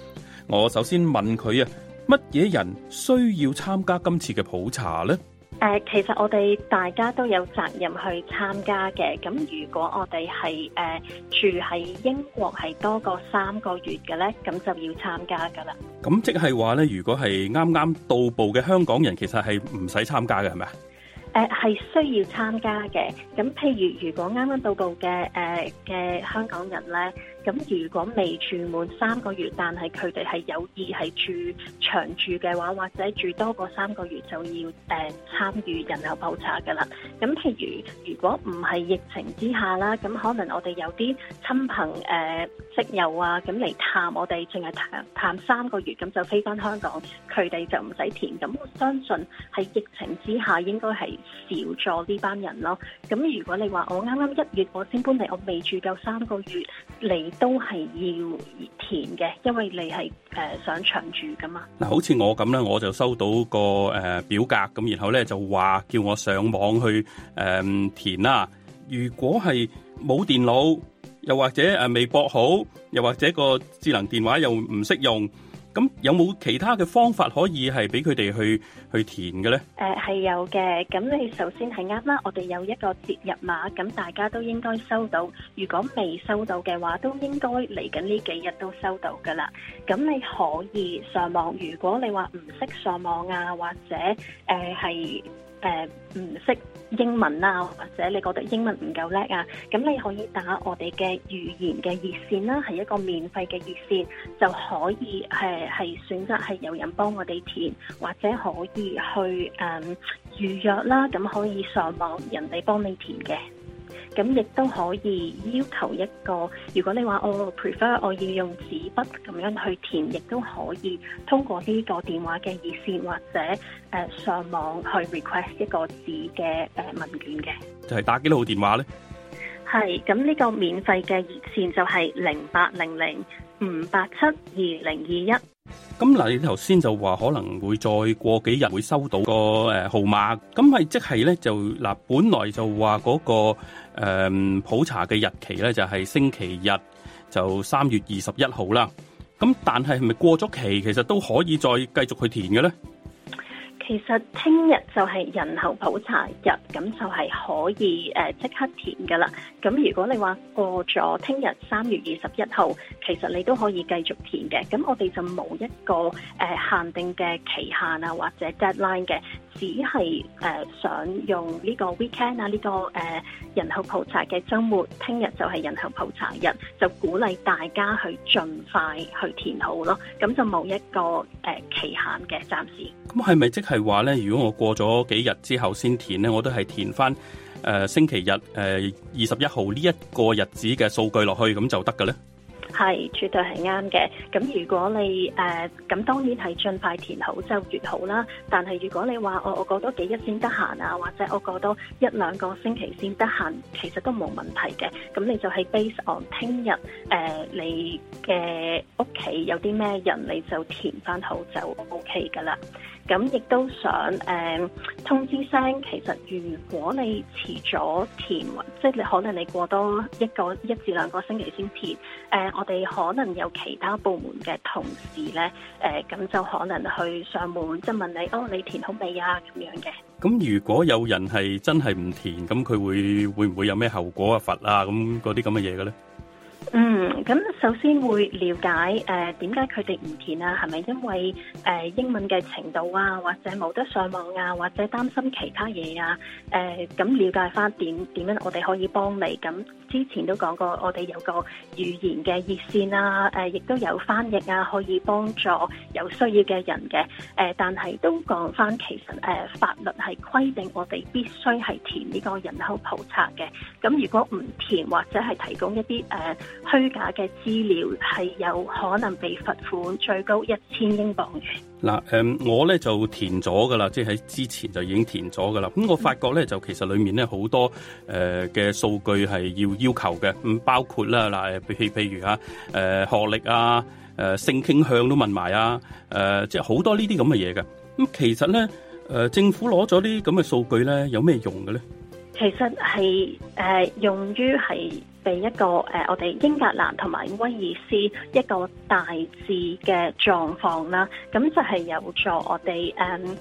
我首先問佢啊。乜嘢人需要參加今次嘅普查呢？誒、呃，其實我哋大家都有責任去參加嘅。咁如果我哋係誒住喺英國係多過三個月嘅呢，咁就要參加噶啦。咁、嗯、即係話呢，如果係啱啱到步嘅香港人，其實係唔使參加嘅，係咪啊？係、呃、需要參加嘅。咁譬如如果啱啱到步嘅誒嘅香港人呢。咁如果未住滿三個月，但係佢哋係有意係住長住嘅話，或者住多過三個月就要誒參與人口普查噶啦。咁譬如如果唔係疫情之下啦，咁可能我哋有啲親朋誒戚、呃、友啊，咁嚟探我哋，淨係探探三個月，咁就飛翻香港，佢哋就唔使填。咁我相信喺疫情之下應該係少咗呢班人咯。咁如果你話我啱啱一月我先搬嚟，我未住夠三個月嚟。都係要填嘅，因為你係誒想長住噶嘛。嗱，好似我咁咧，我就收到個誒表格咁，然後咧就話叫我上網去誒填啦。如果係冇電腦，又或者誒微博好，又或者個智能電話又唔識用。咁有冇其他嘅方法可以係俾佢哋去去填嘅咧？誒係有嘅，咁你首先係啱啦，我哋有一個接入碼，咁大家都應該收到。如果未收到嘅話，都應該嚟緊呢幾日都收到噶啦。咁你可以上網，如果你話唔識上網啊，或者誒係。誒，唔識、uh, 英文啊，或者你覺得英文唔夠叻啊，咁你可以打我哋嘅語言嘅熱線啦，係一個免費嘅熱線，就可以係係選擇係有人幫我哋填，或者可以去誒、um, 預約啦，咁可以上網人哋幫你填嘅。咁亦都可以要求一個，如果你話我 prefer 我要用紙筆咁樣去填，亦都可以通過呢個電話嘅熱線或者誒、呃、上網去 request 一個紙嘅誒文件嘅。呃、就係打幾多號電話呢？係，咁呢個免費嘅熱線就係零八零零五八七二零二一。咁嗱，你頭先就話可能會再過幾日會收到個誒號碼，咁咪即係咧就嗱，本來就話嗰、那個誒、嗯、普查嘅日期咧就係星期日，就三月二十一號啦。咁但係係咪過咗期，其實都可以再繼續去填嘅咧？其實聽日就係人口普查日，咁就係可以誒即刻填㗎喇。咁如果你話過咗聽日三月二十一號，其實你都可以繼續填嘅。咁我哋就冇一個誒限定嘅期限啊，或者 deadline 嘅。只係誒、呃、想用呢個 weekend 啊，呢、這個誒、呃、人口普查嘅周末，聽日就係人口普查日，就鼓勵大家去盡快去填好咯。咁就冇一個誒、呃、期限嘅，暫時。咁係咪即係話咧？如果我過咗幾日之後先填咧，我都係填翻誒、呃、星期日誒二十一號呢一個日子嘅數據落去，咁就得嘅咧？係，絕對係啱嘅。咁如果你誒，咁、呃、當然係盡快填好就越好啦。但係如果你話我我過多幾日先得閒啊，或者我過多一兩個星期先得閒，其實都冇問題嘅。咁你就係 base on 聽日誒，你嘅屋企有啲咩人，你就填翻好就 OK 㗎喇。咁亦都想誒通知聲，其實如果你遲咗填，即係你可能你過多一個一至兩個星期先填，誒、呃、我哋可能有其他部門嘅同事咧，誒、呃、咁就可能去上門即係問你，哦，你填好未啊咁樣嘅。咁如果有人係真係唔填，咁佢會會唔會有咩後果啊，罰啊咁嗰啲咁嘅嘢嘅咧？嗯，咁首先會了解誒，點解佢哋唔填啊？係咪因為誒、呃、英文嘅程度啊，或者冇得上網啊，或者擔心其他嘢啊？誒、呃，咁了解翻點點樣，樣我哋可以幫你。咁之前都講過，我哋有個語言嘅熱線啊，誒、呃，亦都有翻譯啊，可以幫助有需要嘅人嘅。誒、呃，但係都講翻，其實誒、呃、法律係規定我哋必須係填呢個人口普查嘅。咁如果唔填或者係提供一啲誒，呃虛假嘅資料，係有可能被罰款最高一千英鎊嘅。嗱，誒，我咧就填咗噶啦，即係喺之前就已經填咗噶啦。咁我發覺咧就其實裏面咧好多誒嘅、呃、數據係要要求嘅，嗯，包括啦，嗱、呃，比譬如吓，誒、呃，學歷啊，誒、呃，性傾向都問埋啊，誒、呃，即係好多呢啲咁嘅嘢嘅。咁其實咧，誒、呃，政府攞咗啲咁嘅數據咧，有咩用嘅咧？其實係誒、呃，用於係。俾一個誒，uh, 我哋英格蘭同埋威爾斯一個大致嘅狀況啦，噉就係有助我哋誒。Um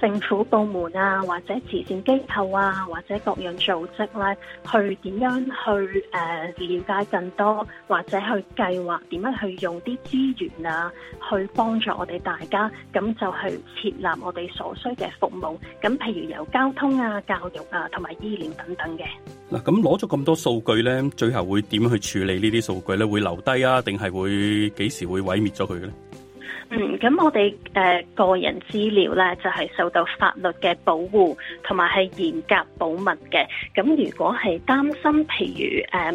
政府部門啊，或者慈善機構啊，或者各樣組織咧、啊，去點樣去誒、呃、了解更多，或者去計劃點樣去用啲資源啊，去幫助我哋大家，咁就去設立我哋所需嘅服務。咁譬如由交通啊、教育啊，同埋醫療等等嘅。嗱，咁攞咗咁多數據咧，最後會點去處理呢啲數據咧？會留低啊，定係會幾時會毀滅咗佢嘅咧？嗯，咁我哋誒、呃、個人資料咧，就係、是、受到法律嘅保護，同埋係嚴格保密嘅。咁如果係擔心，譬如誒、呃，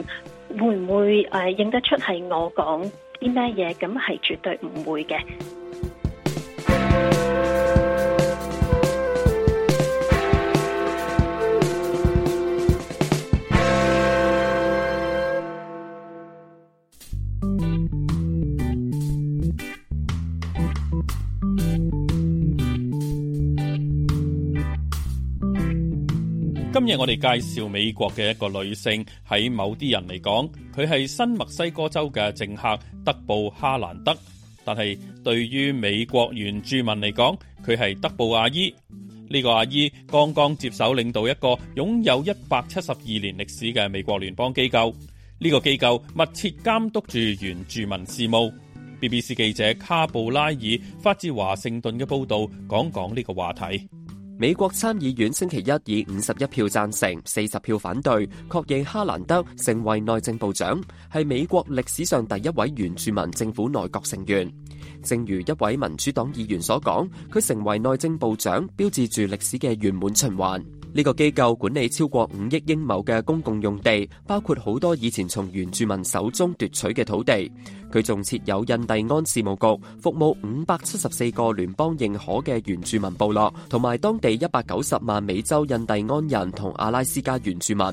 會唔會誒認、呃、得出係我講啲咩嘢？咁係絕對唔會嘅。 今日我哋介紹美國嘅一個女性，喺某啲人嚟講，佢係新墨西哥州嘅政客德布哈蘭德，但係對於美國原住民嚟講，佢係德布阿姨。呢個阿姨剛剛接手領導一個擁有一百七十二年歷史嘅美國聯邦機構，呢個機構密切監督住原住民事務。BBC 記者卡布拉爾發自華盛頓嘅報道，講講呢個話題。美國參議院星期一以五十一票贊成、四十票反對，確認哈蘭德成為內政部長，係美國歷史上第一位原住民政府內閣成員。正如一位民主黨議員所講，佢成為內政部長，標誌住歷史嘅圓滿循環。呢個機構管理超過五億英畝嘅公共用地，包括好多以前從原住民手中奪取嘅土地。佢仲設有印第安事務局，服務五百七十四個聯邦認可嘅原住民部落，同埋當地一百九十萬美洲印第安人同阿拉斯加原住民。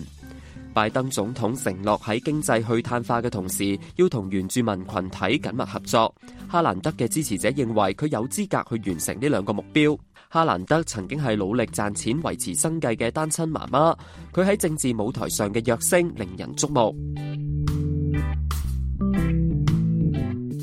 拜登總統承諾喺經濟去碳化嘅同時，要同原住民群體緊密合作。哈蘭德嘅支持者認為佢有資格去完成呢兩個目標。哈蘭德曾經係努力賺錢維持生計嘅單親媽媽，佢喺政治舞台上嘅躍升令人矚目。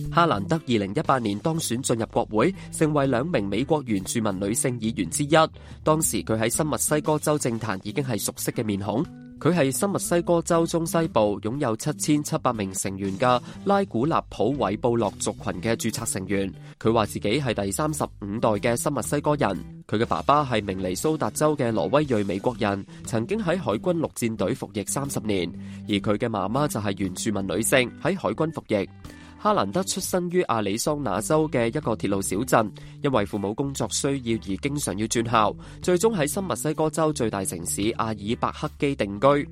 哈蘭德二零一八年當選進入國會，成為兩名美國原住民女性議員之一。當時佢喺新墨西哥州政壇已經係熟悉嘅面孔。佢係新墨西哥州中西部擁有七千七百名成員嘅拉古納普韋布洛族群嘅註冊成員。佢話自己係第三十五代嘅新墨西哥人。佢嘅爸爸係明尼蘇達州嘅挪威裔美國人，曾經喺海軍陸戰隊服役三十年，而佢嘅媽媽就係原住民女性，喺海軍服役。哈蘭德出生於阿里桑那州嘅一個鐵路小鎮，因為父母工作需要而經常要轉校，最終喺新墨西哥州最大城市阿爾伯克基定居。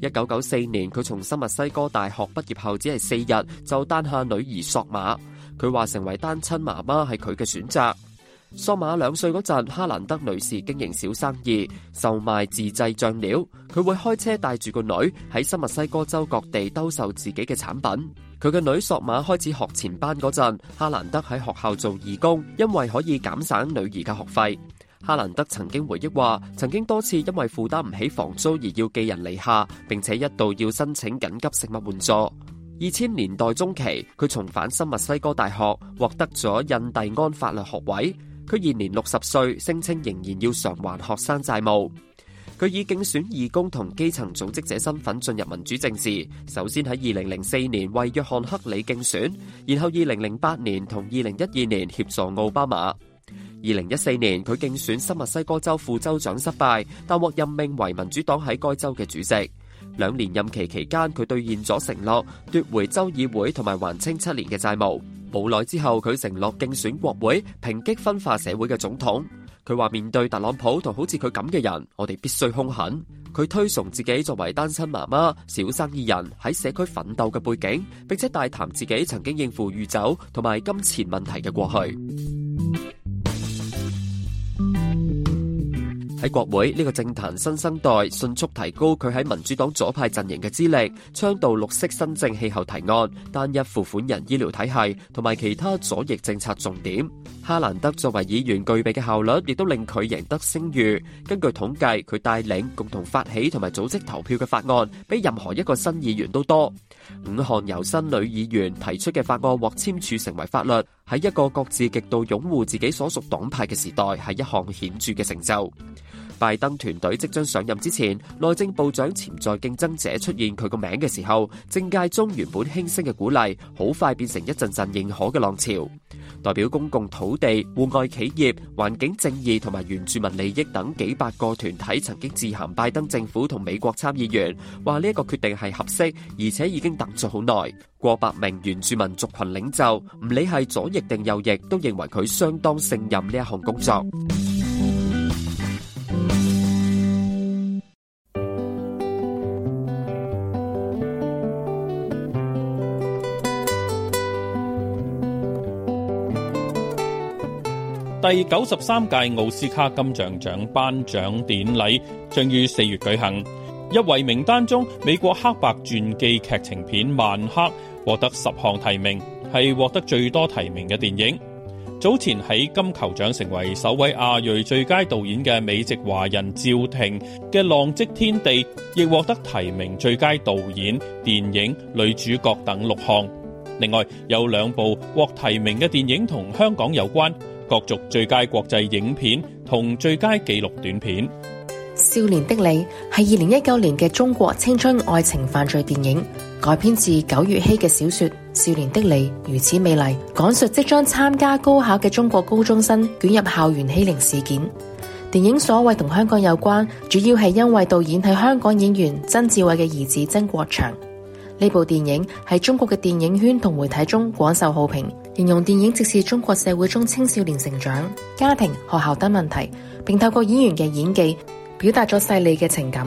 一九九四年，佢從新墨西哥大學畢業後，只係四日就誕下女兒索瑪。佢話成為單親媽媽係佢嘅選擇。索瑪兩歲嗰陣，哈蘭德女士經營小生意，售賣自製醬料。佢會開車帶住個女喺新墨西哥州各地兜售自己嘅產品。佢嘅女索瑪開始學前班嗰陣，哈蘭德喺學校做義工，因為可以減省女兒嘅學費。哈蘭德曾經回憶話，曾經多次因為負擔唔起房租而要寄人籬下，並且一度要申請緊急食物援助。二千年代中期，佢重返新墨西哥大學，獲得咗印第安法律學位。佢現年六十歲，聲稱仍然要償還學生債務。佢以競選義工同基層組織者身份進入民主政治，首先喺二零零四年為約翰克里競選，然後二零零八年同二零一二年協助奧巴馬。二零一四年佢競選新墨西哥州副州長失敗，但獲任命為民主黨喺該州嘅主席。兩年任期期間，佢兌現咗承諾，奪回州議會同埋還清七年嘅債務。冇耐之後，佢承諾競選國會，抨擊分化社會嘅總統。佢話，面對特朗普同好似佢咁嘅人，我哋必須凶狠。佢推崇自己作為單親媽媽、小生意人喺社區奮鬥嘅背景，並且大談自己曾經應付酗酒同埋金錢問題嘅過去。喺 國會，呢個政壇新生代迅速提高佢喺民主黨左派陣營嘅資歷，倡導綠色新政、氣候提案、單一付款人醫療體系同埋其他左翼政策重點。哈蘭德作為議員具備嘅效率，亦都令佢贏得聲譽。根據統計，佢帶領共同發起同埋組織投票嘅法案，比任何一個新議員都多。五項由新女議員提出嘅法案獲簽署成為法律，喺一個各自極度擁護自己所屬黨派嘅時代，係一項顯著嘅成就。拜登團隊即將上任之前，內政部長潛在競爭者出現佢個名嘅時候，政界中原本輕聲嘅鼓勵，好快變成一陣陣認可嘅浪潮。代表公共土地、戶外企業、環境正義同埋原住民利益等幾百個團體，曾經致函拜登政府同美國參議員，話呢一個決定係合適，而且已經等咗好耐。過百名原住民族群領袖，唔理係左翼定右翼，都認為佢相當勝任呢一項工作。第九十三屆奧斯卡金像獎頒獎典禮將於四月舉行。入圍名單中，美國黑白傳記劇情片《萬克》獲得十項提名，係獲得最多提名嘅電影。早前喺金球獎成為首位亞裔最佳導演嘅美籍華人趙婷嘅《浪跡天地》亦獲得提名最佳導演、電影女主角等六項。另外有兩部獲提名嘅電影同香港有關。角逐最佳國際影片同最佳紀錄短片，《少年的你》係二零一九年嘅中國青春愛情犯罪電影，改編自九月希嘅小說《少年的你，如此美麗》，講述即將參加高考嘅中國高中生捲入校園欺凌事件。電影所謂同香港有關，主要係因為導演係香港演員曾志偉嘅兒子曾國祥。呢部電影喺中國嘅電影圈同媒體中廣受好評。形容電影直視中國社會中青少年成長、家庭、學校等問題，並透過演員嘅演技表達咗細膩嘅情感。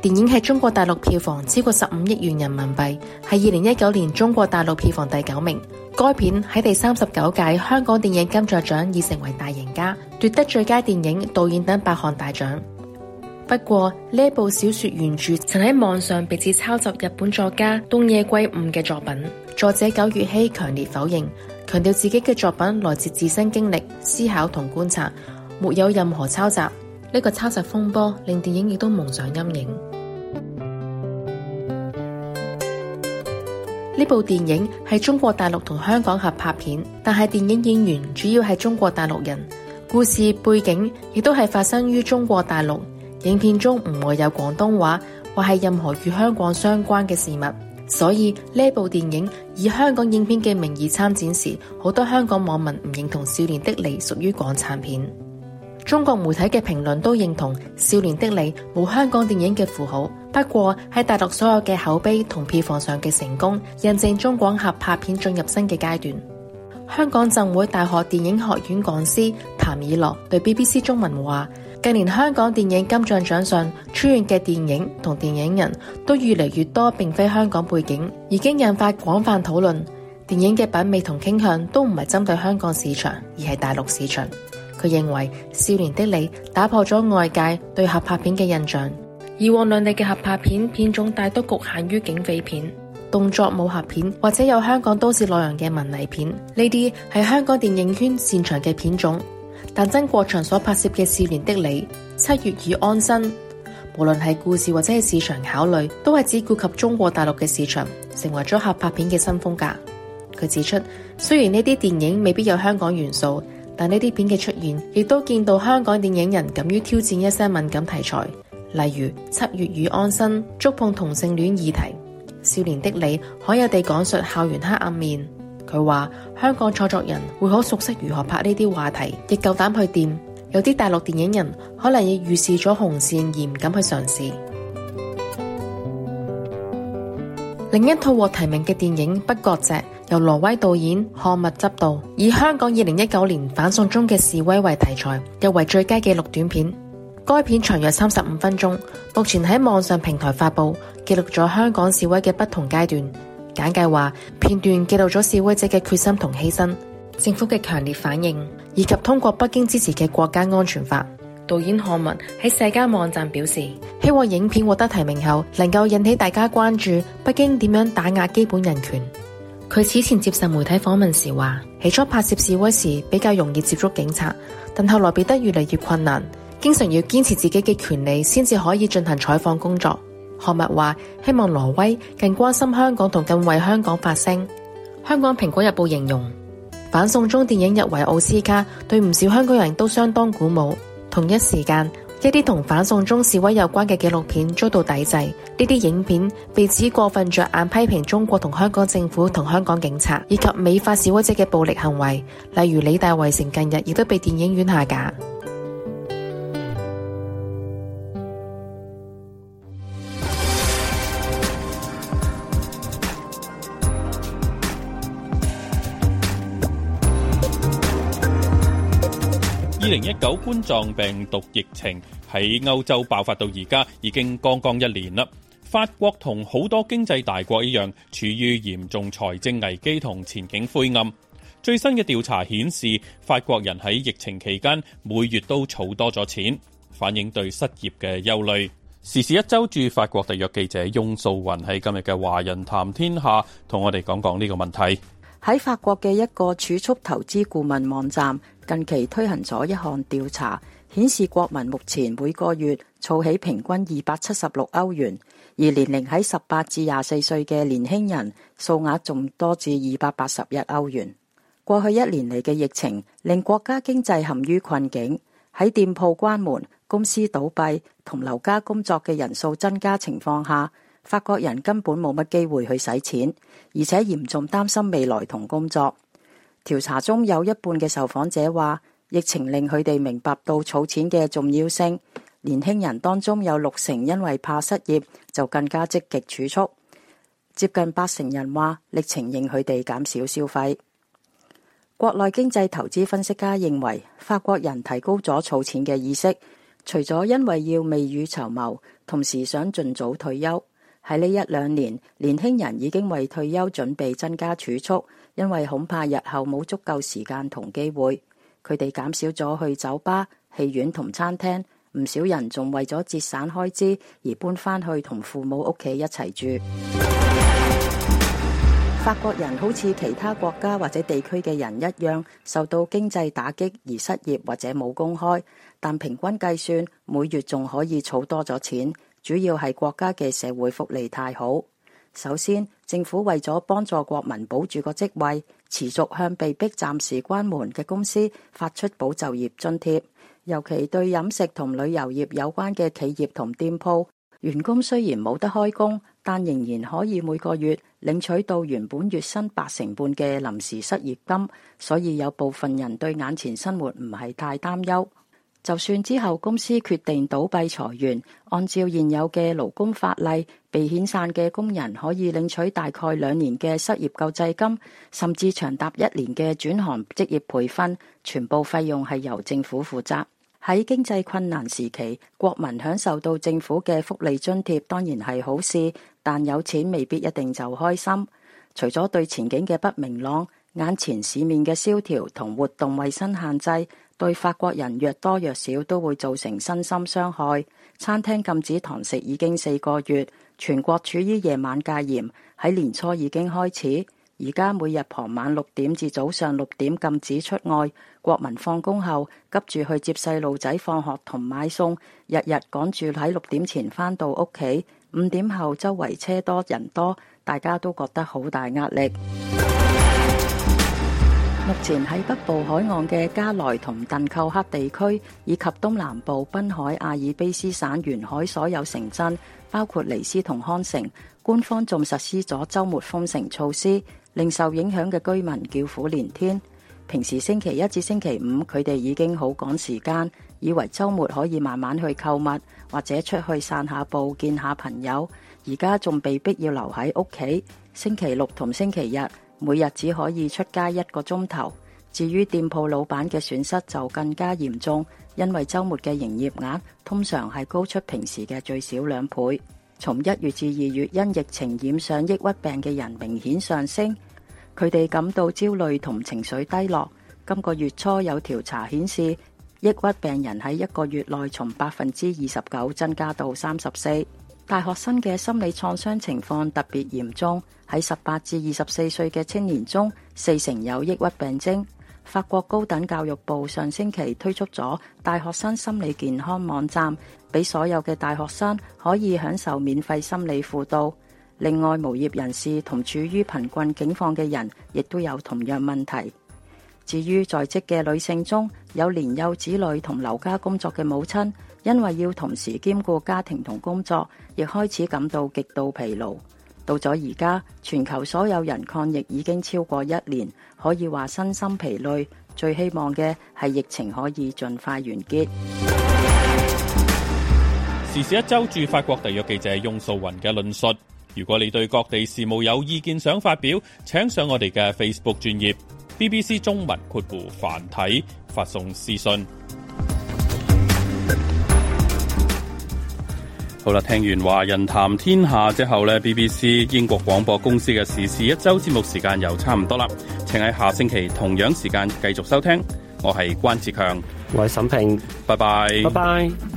電影喺中國大陸票房超過十五億元人民幣，係二零一九年中國大陸票房第九名。該片喺第三十九屆香港電影金像獎已成為大贏家，奪得最佳電影、導演等八項大獎。不過呢部小說原著曾喺網上被指抄襲日本作家東野圭吾嘅作品，作者九月希強烈否認。強調自己嘅作品來自自身經歷、思考同觀察，沒有任何抄襲。呢、這個抄襲風波令電影亦都蒙上陰影。呢 部電影係中國大陸同香港合拍片，但係電影演員主要係中國大陸人，故事背景亦都係發生於中國大陸。影片中唔會有廣東話或係任何與香港相關嘅事物。所以呢部電影以香港影片嘅名義參展時，好多香港網民唔認同《少年的你》屬於港產片。中國媒體嘅評論都認同《少年的你》冇香港電影嘅符號。不過喺大陸所有嘅口碑同票房上嘅成功，印證中港合拍片進入新嘅階段。香港浸會大學電影學院講師譚以樂對 BBC 中文話。近年香港電影金像獎上出現嘅電影同電影人都越嚟越多，並非香港背景，已經引發廣泛討論。電影嘅品味同傾向都唔係針對香港市場，而係大陸市場。佢認為《少年的你》打破咗外界對合拍片嘅印象，以往兩地嘅合拍片片種大多局限於警匪片、動作武俠片或者有香港都市內容嘅文藝片，呢啲係香港電影圈擅長嘅片種。但曾國祥所拍攝嘅《少年的你》、《七月與安生》，無論係故事或者係市場考慮，都係只顧及中國大陸嘅市場，成為咗合拍片嘅新風格。佢指出，雖然呢啲電影未必有香港元素，但呢啲片嘅出現，亦都見到香港電影人敢於挑戰一些敏感題材，例如《七月與安生》觸碰同性戀議題，《少年的你》罕有地講述校園黑暗面。佢話：香港創作，作人會好熟悉如何拍呢啲話題，亦夠膽去掂。有啲大陸電影人可能已預示咗紅線，而唔敢去嘗試。 另一套獲提名嘅電影《不割席》，由挪威導演漢物執導，以香港二零一九年反送中嘅示威為題材，入圍最佳紀錄短片。該片長約三十五分鐘，目前喺網上平台發布，記錄咗香港示威嘅不同階段。簡介話片段記錄咗示威者嘅決心同犧牲，政府嘅強烈反應，以及通過北京支持嘅國家安全法。導演漢文喺社交網站表示，希望影片獲得提名後，能夠引起大家關注北京點樣打壓基本人權。佢此前接受媒體訪問時話，起初拍攝示威時比較容易接觸警察，但後來變得越嚟越困難，經常要堅持自己嘅權利先至可以進行採訪工作。何物話希望挪威更關心香港同更為香港發聲。香港《蘋果日報》形容反送中電影入圍奧斯卡，對唔少香港人都相當鼓舞。同一時間，一啲同反送中示威有關嘅紀錄片遭到抵制，呢啲影片被指過分着眼批評中國同香港政府同香港警察以及美化示威者嘅暴力行為，例如《理大圍城》近日亦都被電影院下架。二零一九冠狀病毒疫情喺歐洲爆發到而家已經剛剛一年啦。法國同好多經濟大國一樣，處於嚴重財政危機同前景灰暗。最新嘅調查顯示，法國人喺疫情期間每月都儲多咗錢，反映對失業嘅憂慮。時事一周駐法國特約記者翁素雲喺今日嘅《華人談天下》同我哋講講呢個問題。喺法國嘅一個儲蓄投資顧問網站。近期推行咗一項調查，顯示國民目前每個月儲起平均二百七十六歐元，而年齡喺十八至廿四歲嘅年輕人數額仲多至二百八十一歐元。過去一年嚟嘅疫情令國家經濟陷於困境，喺店鋪關門、公司倒閉同留家工作嘅人數增加情況下，法國人根本冇乜機會去使錢，而且嚴重擔心未來同工作。調查中有一半嘅受訪者話，疫情令佢哋明白到儲錢嘅重要性。年輕人當中有六成因為怕失業，就更加積極儲蓄。接近八成人話，疫情令佢哋減少消費。國內經濟投資分析家認為，法國人提高咗儲錢嘅意識，除咗因為要未雨綢繆，同時想盡早退休。喺呢一兩年，年輕人已經為退休準備增加儲蓄。因為恐怕日後冇足夠時間同機會，佢哋減少咗去酒吧、戲院同餐廳，唔少人仲為咗節省開支而搬翻去同父母屋企一齊住。法國人好似其他國家或者地區嘅人一樣，受到經濟打擊而失業或者冇工開，但平均計算每月仲可以儲多咗錢，主要係國家嘅社會福利太好。首先，政府為咗幫助國民保住個職位，持續向被逼暫時關門嘅公司發出保就業津貼。尤其對飲食同旅遊業有關嘅企業同店鋪，員工雖然冇得開工，但仍然可以每個月領取到原本月薪八成半嘅臨時失業金。所以有部分人對眼前生活唔係太擔憂。就算之後公司決定倒閉裁員，按照現有嘅勞工法例，被遣散嘅工人可以領取大概兩年嘅失業救濟金，甚至長達一年嘅轉行職業培訓，全部費用係由政府負責。喺經濟困難時期，國民享受到政府嘅福利津貼，當然係好事。但有錢未必一定就開心。除咗對前景嘅不明朗，眼前市面嘅蕭條同活動衛生限制，對法國人或多或少都會造成身心傷害。餐廳禁止堂食已經四個月。全國處於夜晚戒嚴，喺年初已經開始，而家每日傍晚六點至早上六點禁止出外。國民放工後急住去接細路仔放學同買餸，日日趕住喺六點前返到屋企。五點後周圍車多人多，大家都覺得好大壓力。目前喺北部海岸嘅加萊同鄧寇克地區，以及東南部濱海阿爾卑斯省沿海所有城鎮，包括尼斯同康城，官方仲實施咗周末封城措施，令受影響嘅居民叫苦連天。平時星期一至星期五，佢哋已經好趕時間，以為周末可以慢慢去購物或者出去散下步見下朋友，而家仲被逼要留喺屋企，星期六同星期日。每日只可以出街一個鐘頭，至於店鋪老闆嘅損失就更加嚴重，因為週末嘅營業額通常係高出平時嘅最少兩倍。從一月至二月，因疫情染上抑鬱病嘅人明顯上升，佢哋感到焦慮同情緒低落。今個月初有調查顯示，抑鬱病人喺一個月內從百分之二十九增加到三十四。大學生嘅心理創傷情況特別嚴重，喺十八至二十四歲嘅青年中，四成有抑鬱病徵。法國高等教育部上星期推出咗大學生心理健康網站，俾所有嘅大學生可以享受免費心理輔導。另外，無業人士同處於貧困境況嘅人，亦都有同樣問題。至於在職嘅女性中，有年幼子女同留家工作嘅母親。因為要同時兼顧家庭同工作，亦開始感到極度疲勞。到咗而家，全球所有人抗疫已經超過一年，可以話身心疲累。最希望嘅係疫情可以儘快完結。時事一周駐法國特約記者雍素雲嘅論述。如果你對各地事務有意見想發表，請上我哋嘅 Facebook 專頁，BBC 中文括弧繁體發送私信。好啦，聽完《華人談天下》之後呢，BBC 英國廣播公司嘅時事一周節目時間又差唔多啦，請喺下星期同樣時間繼續收聽。我係關志強，我係沈平，拜拜 bye，拜拜。